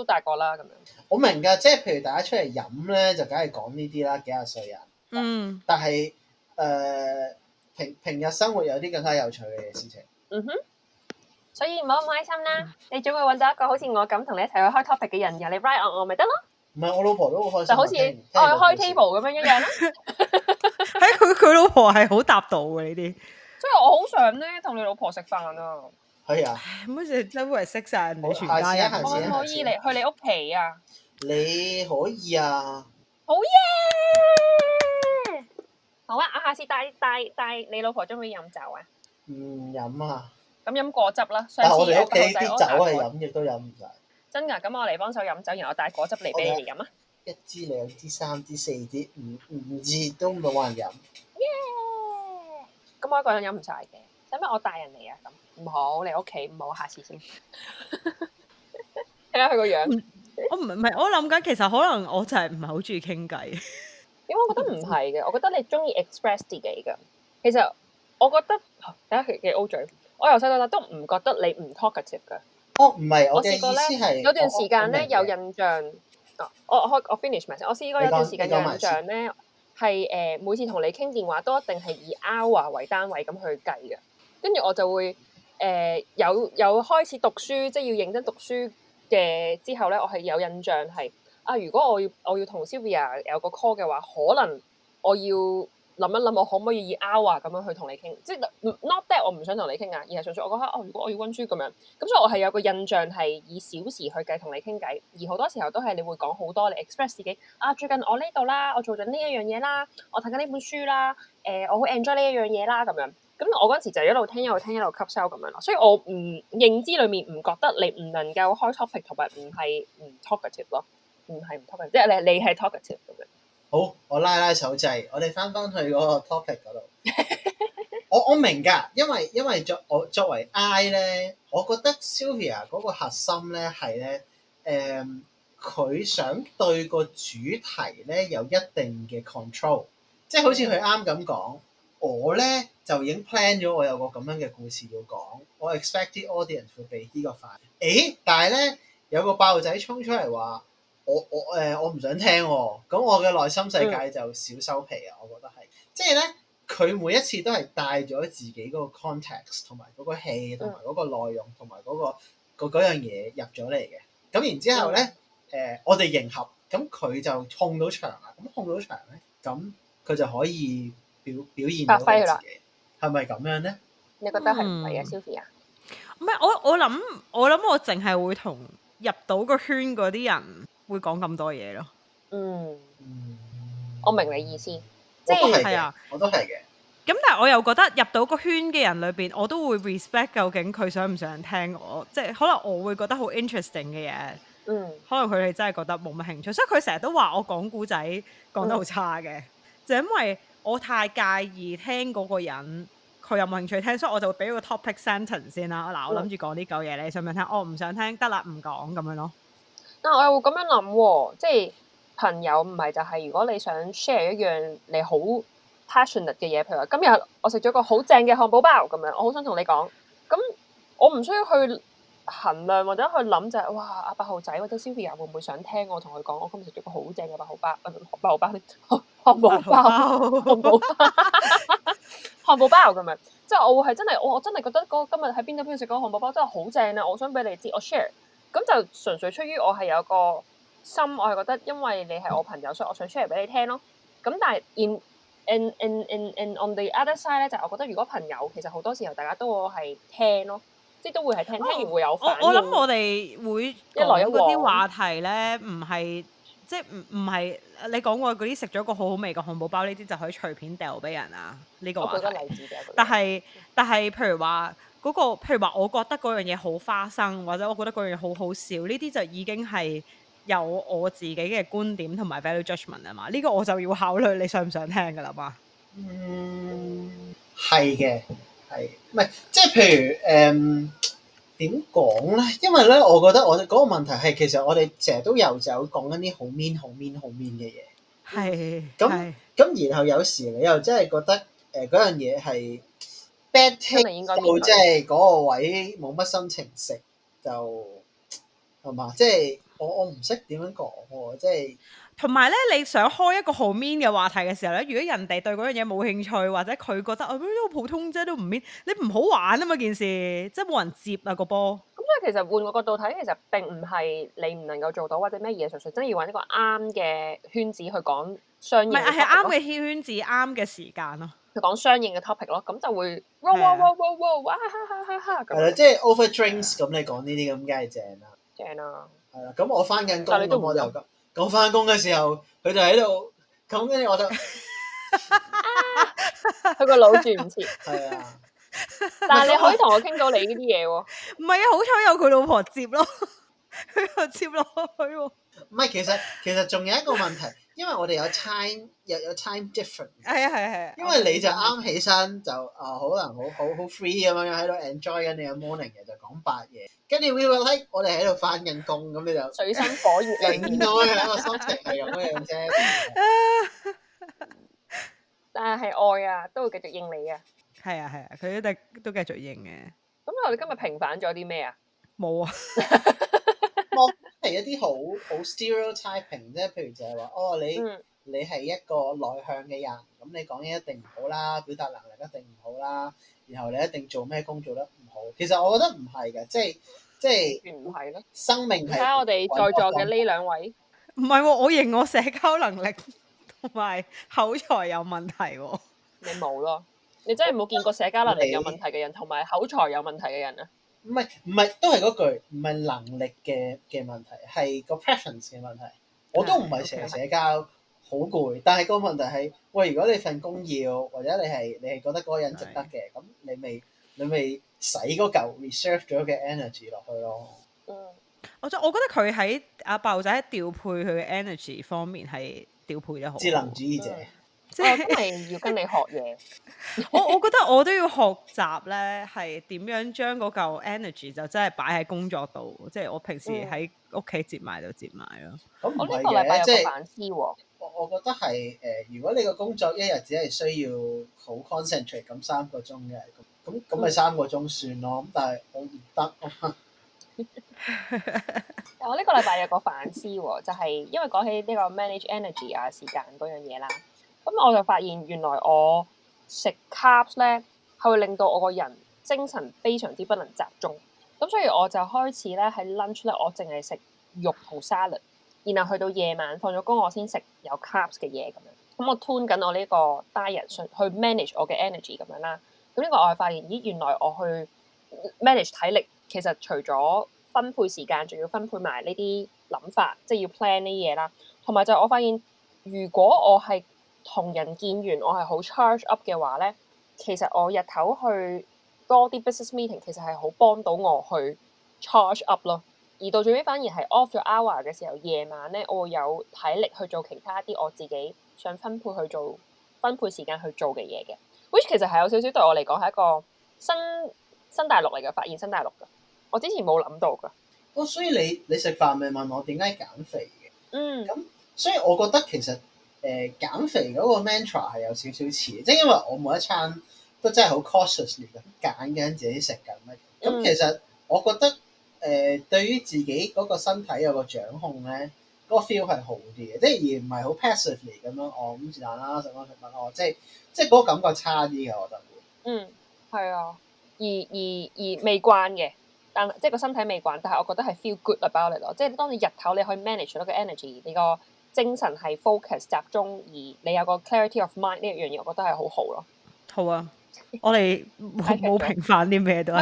都大個啦，咁樣我明㗎，即係譬如大家出嚟飲咧，就梗係講呢啲啦，幾廿歲人。嗯，但係誒平平日生活有啲更加有趣嘅事情。嗯哼，所以唔好唔開心啦，你總會揾到一個好似我咁同你一齊去開 topic 嘅人，然後你 write on 我咪得咯。唔係，我老婆都好開心。就好似我開 table 咁樣一樣咯。喺佢佢老婆係好搭到嘅呢啲，所以我好想咧同你老婆食飯啊。可以啊，唔好成日周圍識晒人全家呀，可唔可以嚟去你屋企啊？你可以啊，好耶！好啊，我下次帶帶帶你老婆中唔中意飲酒啊？唔飲啊，咁飲果汁啦。上次我哋屋企啲酒我係飲嘅，都飲唔晒。真噶，咁我嚟幫手飲酒，然後帶果汁嚟俾你哋飲啊！一支、兩支、三支、四支、五五支都冇人飲，耶！咁我一個人飲唔晒嘅。等咩？我帶人嚟啊！咁唔好你屋企，唔好下次先睇下佢個樣 我。我唔唔係，我諗緊其實可能我就係唔係好中意傾偈。因為我覺得唔係嘅，我覺得你中意 express 自己嘅。其實我覺得睇下佢嘅 o 嘴，我由細到大都唔覺得你唔 talkative 嘅。哦，唔係我嘅意思係我試過有段時間咧有印象。哦，我我我 finish 埋先。我試過有段時間有印象咧，係誒每次同你傾電話都一定係以 hour 為單位咁去計嘅。跟住我就會誒、呃、有有開始讀書，即係要認真讀書嘅之後咧，我係有印象係啊！如果我要我要同 Sylvia 有個 call 嘅話，可能我要諗一諗，我可唔可以以 hour 咁樣去同你傾？即係 not that 我唔想同你傾啊，而係純粹我嗰刻哦，如果我要溫書咁樣，咁、嗯、所以我係有個印象係以小時去計同你傾偈，而好多時候都係你會講好多，你 express 自己啊！最近我呢度啦，我做緊呢一樣嘢啦，我睇緊呢本書啦，誒、呃，我好 enjoy 呢一樣嘢啦咁樣。咁我嗰陣時就一路聽一路聽一路吸收咁樣咯，所以我唔認知裡面唔覺得你唔能夠開 topic 同埋唔係唔 talkative 咯，唔係唔 talkative，即係你你係 talkative 咁樣。好，我拉拉手掣，我哋翻翻去嗰個 topic 嗰度。我我明㗎，因為因為作我作為 I 咧，我覺得 Sylvia 嗰個核心咧係咧誒，佢、嗯、想對個主題咧有一定嘅 control，即係好似佢啱咁講。我咧就已經 plan 咗，我有個咁樣嘅故事要講。我 expect 啲 audience 會俾呢個快。誒，但係咧有個爆仔衝出嚟話我我誒、呃、我唔想聽喎、哦。咁我嘅內心世界就少收皮啊！我覺得係即係咧，佢、就是、每一次都係帶咗自己嗰個 context 同埋嗰個戲同埋嗰個內容同埋嗰個樣嘢入咗嚟嘅。咁然之後咧誒、嗯呃，我哋迎合咁佢就控到場啦。咁控到場咧，咁佢就可以。表表現到嘅嘢，係咪咁樣呢？你覺得係唔係啊，Sophie 啊？唔係、嗯，我我諗，我諗我淨係會同入到個圈嗰啲人會講咁多嘢咯。嗯，我明你意思，即係係啊，我都係嘅。咁、嗯、但係我又覺得入到個圈嘅人裏邊，我都會 respect 究竟佢想唔想聽我。即係可能我會覺得好 interesting 嘅嘢，嗯，可能佢哋真係覺得冇乜興趣，所以佢成日都話我講古仔講得好差嘅，就、嗯、因為。我太介意聽嗰個人，佢有冇興趣聽，所以我就會俾個 topic sentence 先啦。嗱，我諗住講啲舊嘢你想唔想聽？我、哦、唔想聽得啦，唔講咁樣咯。嗱，我又會咁樣諗，即係朋友唔係就係、是、如果你想 share 一樣你好 passionate 嘅嘢，譬如話今日我食咗個好正嘅漢堡包咁樣，我好想同你講。咁我唔需要去衡量或者去諗就係、是、哇阿八號仔或者 Sylvia 會唔會想聽我同佢講我今日食咗個好正嘅八號包，八號包。呃 漢堡包，漢堡包，漢堡包咁樣，即係我會係真係，我我真係覺得嗰今日喺邊度邊度食嗰個漢堡包真係好正啊！我想俾你知，我 share，咁就純粹出於我係有個心，我係覺得因為你係我朋友，所以我想 share 俾你聽咯。咁但係 in in in in in on the other side 咧，就係我覺得如果朋友其實好多時候大家都會係聽咯，即係都會係聽，聽完會有反。我我諗我哋會講嗰啲話題咧，唔係。即係唔唔係你講過嗰啲食咗個好好味嘅漢堡包呢啲就可以隨便掉俾人啊？呢個我覺得例子但，但係但係，譬如話嗰個，譬如話，我覺得嗰樣嘢好花生，或者我覺得嗰樣嘢好好笑，呢啲就已經係有我自己嘅觀點同埋 value judgment 啊嘛。呢個我就要考慮你想唔想聽噶啦嘛。嗯，係嘅，係，唔係即係譬如誒。點講咧？因為咧，我覺得我嗰、那個問題係其實我哋成日都遊走講緊啲好 mean、好 mean、好 mean 嘅嘢。係。咁咁，然後有時你又真係覺得誒嗰樣嘢係 bad taste 到，即係嗰個位冇乜心情食，就係嘛？即係、就是、我我唔識點樣講喎，即、就、係、是。同埋咧，你想開一個好 mean 嘅話題嘅時候咧，如果人哋對嗰樣嘢冇興趣，或者佢覺得啊，都、哎、普通啫，都唔 mean 你唔好玩啊嘛件事，即係冇人接啊個波。咁所以其實換個角度睇，其實並唔係你唔能夠做到，或者咩嘢，純粹真係要揾一個啱嘅圈子去講相。唔係啱嘅圈子，啱嘅時間咯，去是講相應嘅 topic 咯，咁就會哇的哇哇哇哇哇哈哈哈哈咁。over drinks, 的你講呢啲咁，梗係正啦、啊，正啦。係啦，咁我翻緊工，都冇理我翻工嘅時候，佢 shocked 就喺度咁，跟住我就，佢個腦住唔切。係啊，但係你可以同我傾到你呢啲嘢喎。唔係啊，好彩有佢老婆接咯，佢又接落去喎。唔係，其實其實仲有一個問題。因為我哋有 time 又有 time different，係啊係啊係啊。因為你就啱起身就啊，可能好好好 free 咁樣喺度 enjoy 緊你嘅 morning 嘅，就講白嘢。跟住 we like 我哋喺度返緊工，咁你就水深火熱。兩個心情係咁樣啫。但係愛啊，都會繼續應你啊。係啊係啊，佢一定都繼續應嘅。咁我哋今日平反咗啲咩啊？冇啊。係一啲好好 stereotyping 啫，譬如就係話，哦，你你係一個內向嘅人，咁你講嘢一定唔好啦，表達能力一定唔好啦，然後你一定做咩工作都唔好。其實我覺得唔係嘅，即係即係，唔係咧。生命係睇下我哋在座嘅呢兩位。唔係喎，我認我社交能力同埋口才有問題喎。你冇咯？你真係冇見過社交能力有問題嘅人同埋口才有問題嘅人啊？唔係唔係，都係嗰句，唔係能力嘅嘅問題，係個 preference 嘅問題。我都唔係成日社交，好攰的。但係個問題係，喂，如果你份工要，或者你係你係覺得嗰個人值得嘅，咁的你咪你咪使嗰嚿 reserve 咗嘅 energy 落去咯。嗯，我就我覺得佢喺阿爆仔調配佢嘅 energy 方面係調配咗好。智能主義者。即係、啊、要跟你學嘢， 我我覺得我都要學習咧，係點樣將嗰嚿 energy 就真係擺喺工作度，即、就、係、是、我平時喺屋企接埋就接埋咯。咁、嗯、我呢個禮拜有個反思喎、哦嗯 就是。我我覺得係誒、呃，如果你個工作一日只係需要好 concentrate 咁三個鐘嘅，咁咁咁咪三個鐘算咯。咁、嗯、但係我唔得，我呢個禮拜有個反思喎、哦，就係、是、因為講起呢個 manage energy 啊時間嗰樣嘢啦。咁我就發現原來我食 carbs 咧係會令到我個人精神非常之不能集中。咁所以我就開始咧喺 lunch 咧，我淨係食肉同沙律，然後去到夜晚放咗工，我先食有 carbs 嘅嘢咁樣。咁我吞緊我呢個 diet，去 manage 我嘅 energy 咁樣啦。咁呢個我係發現，咦，原來我去 manage 體力其實除咗分配時間，仲要分配埋呢啲諗法，即係要 plan 呢啲嘢啦。同埋就我發現，如果我係同人見完，我係好 charge up 嘅話咧，其實我日頭去多啲 business meeting，其實係好幫到我去 charge up 咯。而到最尾反而係 off 咗 hour 嘅時候，夜晚咧我會有體力去做其他啲我自己想分配去做、分配時間去做嘅嘢嘅。which 其實係有少少對我嚟講係一個新新大陸嚟嘅，發現新大陸噶。我之前冇諗到噶。哦，所以你你食飯咪問我點解減肥嘅？嗯。咁，所以我覺得其實。誒、呃、減肥嗰個 mantra 係有少少似，即係因為我每一餐都真係好 cautiously 咁揀緊自己食緊乜，咁其實我覺得誒對於自己嗰個身體有個掌控咧，嗰個 feel 係好啲嘅，即係而唔係好 passively 咁樣我咁是但啦，食乜食乜哦，即係即係嗰個感覺差啲嘅，我覺得。嗯，係啊，而而而未慣嘅，但即係個身體未慣，但係我覺得係 feel good about it 咯，即係當你日頭你可以 manage 到個 energy，你個。精神係 focus 集中，而你有個 clarity of mind 呢一樣嘢，我覺得係好好咯。好啊，我哋冇 平反啲咩都。唔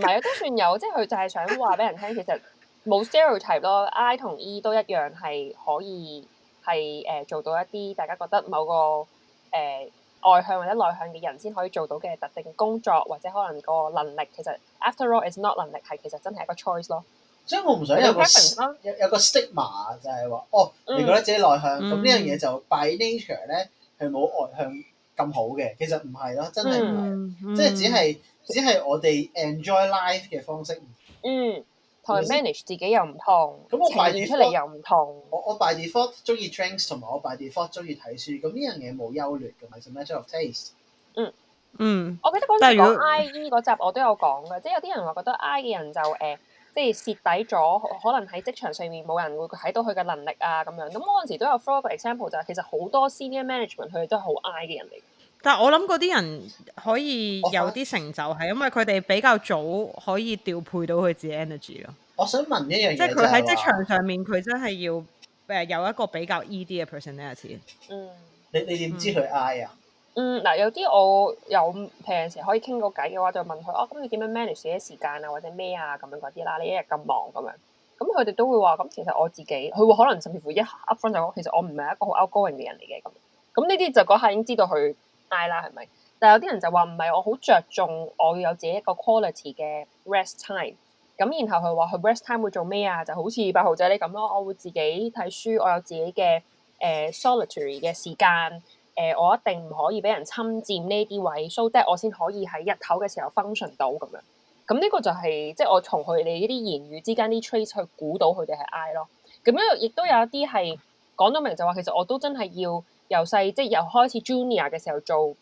係啊，都算有，即係佢就係想話俾人聽，其實冇 stereotype 咯。I 同 E 都一樣係可以係誒、呃、做到一啲大家覺得某個誒、呃、外向或者內向嘅人先可以做到嘅特定工作或者可能個能力，其實 after all is not 能力係其實真係一個 choice 咯。所以我唔想有個、嗯、有有個 stigma 就係話哦，你覺得自己內向，咁呢、嗯、樣嘢就 by nature 咧係冇外向咁好嘅。其實唔係咯，真係唔係，即係只係只係我哋 enjoy life 嘅方式唔同。嗯，是是同埋、嗯、manage 自己又唔同，咁以我擺出嚟又唔同。我我 by default 中意 drink 同埋我 by default 中意睇書，咁呢樣嘢冇優劣嘅，係、就是、matter of taste。嗯嗯。嗯，我記得嗰陣講 IE 嗰集，我都有講嘅，是即係有啲人話覺得 I 嘅人就誒。呃即係蝕底咗，可能喺職場上面冇人會睇到佢嘅能力啊咁樣。咁嗰陣時都有 follow 一個 example，就係其實好多 senior management 佢哋都係好 I 嘅人嚟。但係我諗嗰啲人可以有啲成就係因為佢哋比較早可以調配到佢自己 energy 咯。我想問一樣嘢，即係佢喺職場上面佢真係要誒有一個比較 E 啲嘅 personality。嗯。你你點知佢 I 啊？嗯嗯，嗱，有啲我有平時可以傾過偈嘅話，就問佢哦，咁你點樣 manage 啲時間啊，或者咩啊咁樣嗰啲啦？你一日咁忙咁樣，咁佢哋都會話，咁其實我自己，佢會可能甚至乎一噏翻就講，其實我唔係一個好 outgoing 嘅人嚟嘅咁。咁呢啲就嗰下已經知道佢 I 啦，係咪？但有啲人就話唔係，我好着重我有自己一個 quality 嘅 rest time。咁然後佢話佢 rest time 會做咩啊？就好似八號仔你咁咯，我會自己睇書，我有自己嘅誒、呃、solitary 嘅時間。誒、呃，我一定唔可以俾人侵佔呢啲位，so that 我先可以喺日頭嘅時候 function 到咁樣。咁、嗯、呢、這個就係、是、即係我從佢哋呢啲言語之間啲 trace 去估到佢哋係 I 咯。咁樣亦都有一啲係講得明就，就話其實我都真係要由細即係由開始 junior 嘅時候做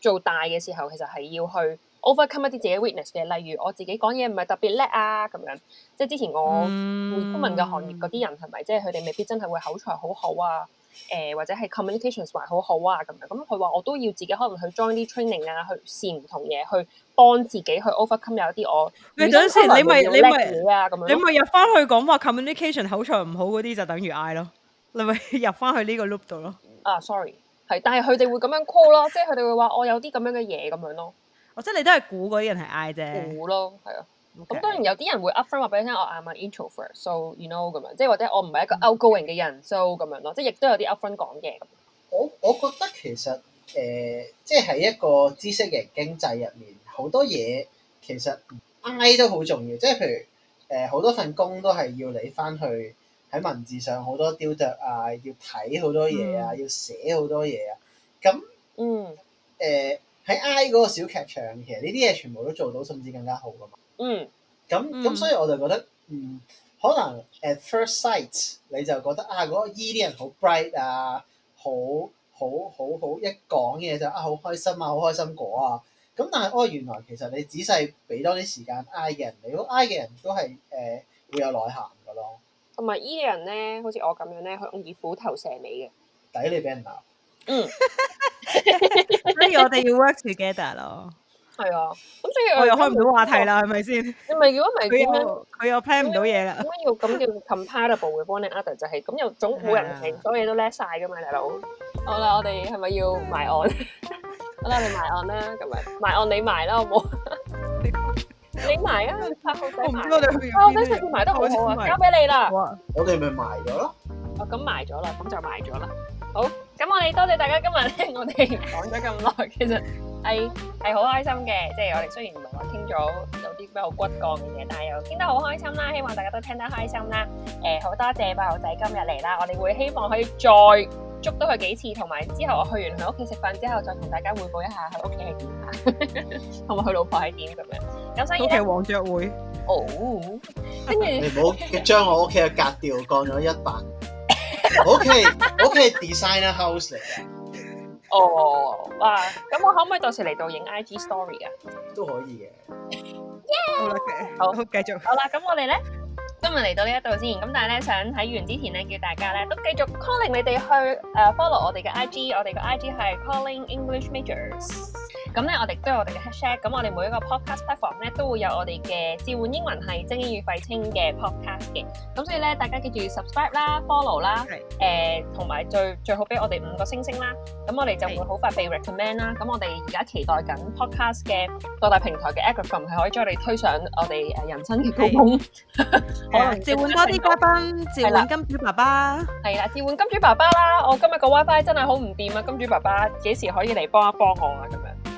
做大嘅時候，其實係要去 overcome 一啲自己 weakness 嘅。例如我自己講嘢唔係特別叻啊，咁樣即係之前我普通文嘅行業嗰啲人係咪、mm hmm. 即係佢哋未必真係會口才好好啊？誒、呃，或者係 communications 話好好啊，咁樣，咁佢話我都要自己可能去 join 啲 training 啊，去試唔同嘢，去幫自己去 overcome 有啲我。你等等先，你咪你咪你咪入翻去講話 communication 口才唔好嗰啲就等於 I 咯，你咪入翻去呢個 loop 度咯。啊，sorry，係，但係佢哋會咁樣 call 咯，即係佢哋會話我有啲咁樣嘅嘢咁樣咯。或者、 哦、你都係估嗰啲人係 I 啫。估咯，係啊。咁當然有啲人會 upfront 話俾你聽，我、oh，係咪 introvert？so you know 咁樣，即係或者我唔係一個 outgoing 嘅人、嗯、so 咁樣咯，即係亦都有啲 upfront 講嘅咁。我我覺得其實誒、呃，即係喺一個知識型經濟入面，好多嘢其實 I 都好重要。即係譬如誒，好、呃、多份工都係要你翻去喺文字上好多雕琢啊，要睇好多嘢啊，嗯、要寫好多嘢啊。咁嗯誒喺 I 嗰個小劇場，其實呢啲嘢全部都做到，甚至更加好噶嘛。嗯，咁咁、嗯、所以我就覺得，嗯，可能 at first sight 你就覺得啊，嗰依啲人好 bright 啊，好好好好，一講嘢就啊好開心啊，好開心果啊。咁、嗯、但係哦、啊，原來其實你仔細俾多啲時間 I 嘅人，你 O I 嘅人都係誒、呃、會有內涵噶咯。同埋依啲人咧，好似我咁樣咧，好容易虎頭蛇尾嘅，抵你俾人鬧。嗯，所以我哋要 work together 咯。係啊，咁所以我又開唔到話題啦，係咪先？你咪如果唔係咁樣，佢又 plan 唔到嘢啦。咁樣要咁叫 compatible 嘅 bonding other 就係咁又總冇人平，所有嘢都叻晒噶嘛，大佬。好啦，我哋係咪要埋岸？好啦，你埋岸啦，咁啊，埋岸你埋啦，好唔好？你埋啊！我唔知我哋啊，我真係要埋都好啊，交俾你啦。我哋咪埋咗咯。哦，咁埋咗啦，咁就埋咗啦，好。咁我哋多謝大家今日咧，我哋講咗咁耐，其實係係好開心嘅，即係我哋雖然唔係話傾咗有啲咩好骨感嘅嘢，但係又傾得好開心啦。希望大家都聽得開心啦。誒，好多謝8號仔今日嚟啦，我哋會希望可以再捉到佢幾次，同埋之後我去完佢屋企食飯之後，再同大家匯報一下佢屋企係點，同埋佢老婆係點咁樣。咁所以咧，屋企黃雀會哦，你唔好將我屋企嘅格調降咗一百分。O K O K designer house 嚟嘅！哦，哇！咁我可唔可以到時嚟到影 I G story 啊？都可以嘅，yeah！好啦，好，繼續。好啦，咁我哋咧今日嚟到呢一度先，咁但係咧想睇完之前咧，叫大家咧都繼續 calling 你哋去誒 follow 我哋嘅 I G，我哋嘅 I G 係 calling English majors。咁咧，我哋都有我哋嘅 hashtag，咁我哋每一個 podcast platform 咧都會有我哋嘅召喚英文系精英與廢青嘅 podcast 嘅。咁所以咧，大家記住 subscribe 啦、follow 啦，誒的，同埋、呃、最最好俾我哋五個星星啦。咁我哋就會好快被 recommend 啦。咁我哋而家期待緊 podcast 嘅各大平台嘅 algorithm 係可以將我哋推上我哋誒人生嘅高峰。可能召喚多啲嘉賓， 召喚金主爸爸，係啦，召喚金主爸爸啦。我今日個 wifi 真係好唔掂啊！金主爸爸幾時可以嚟幫一幫我啊？咁樣。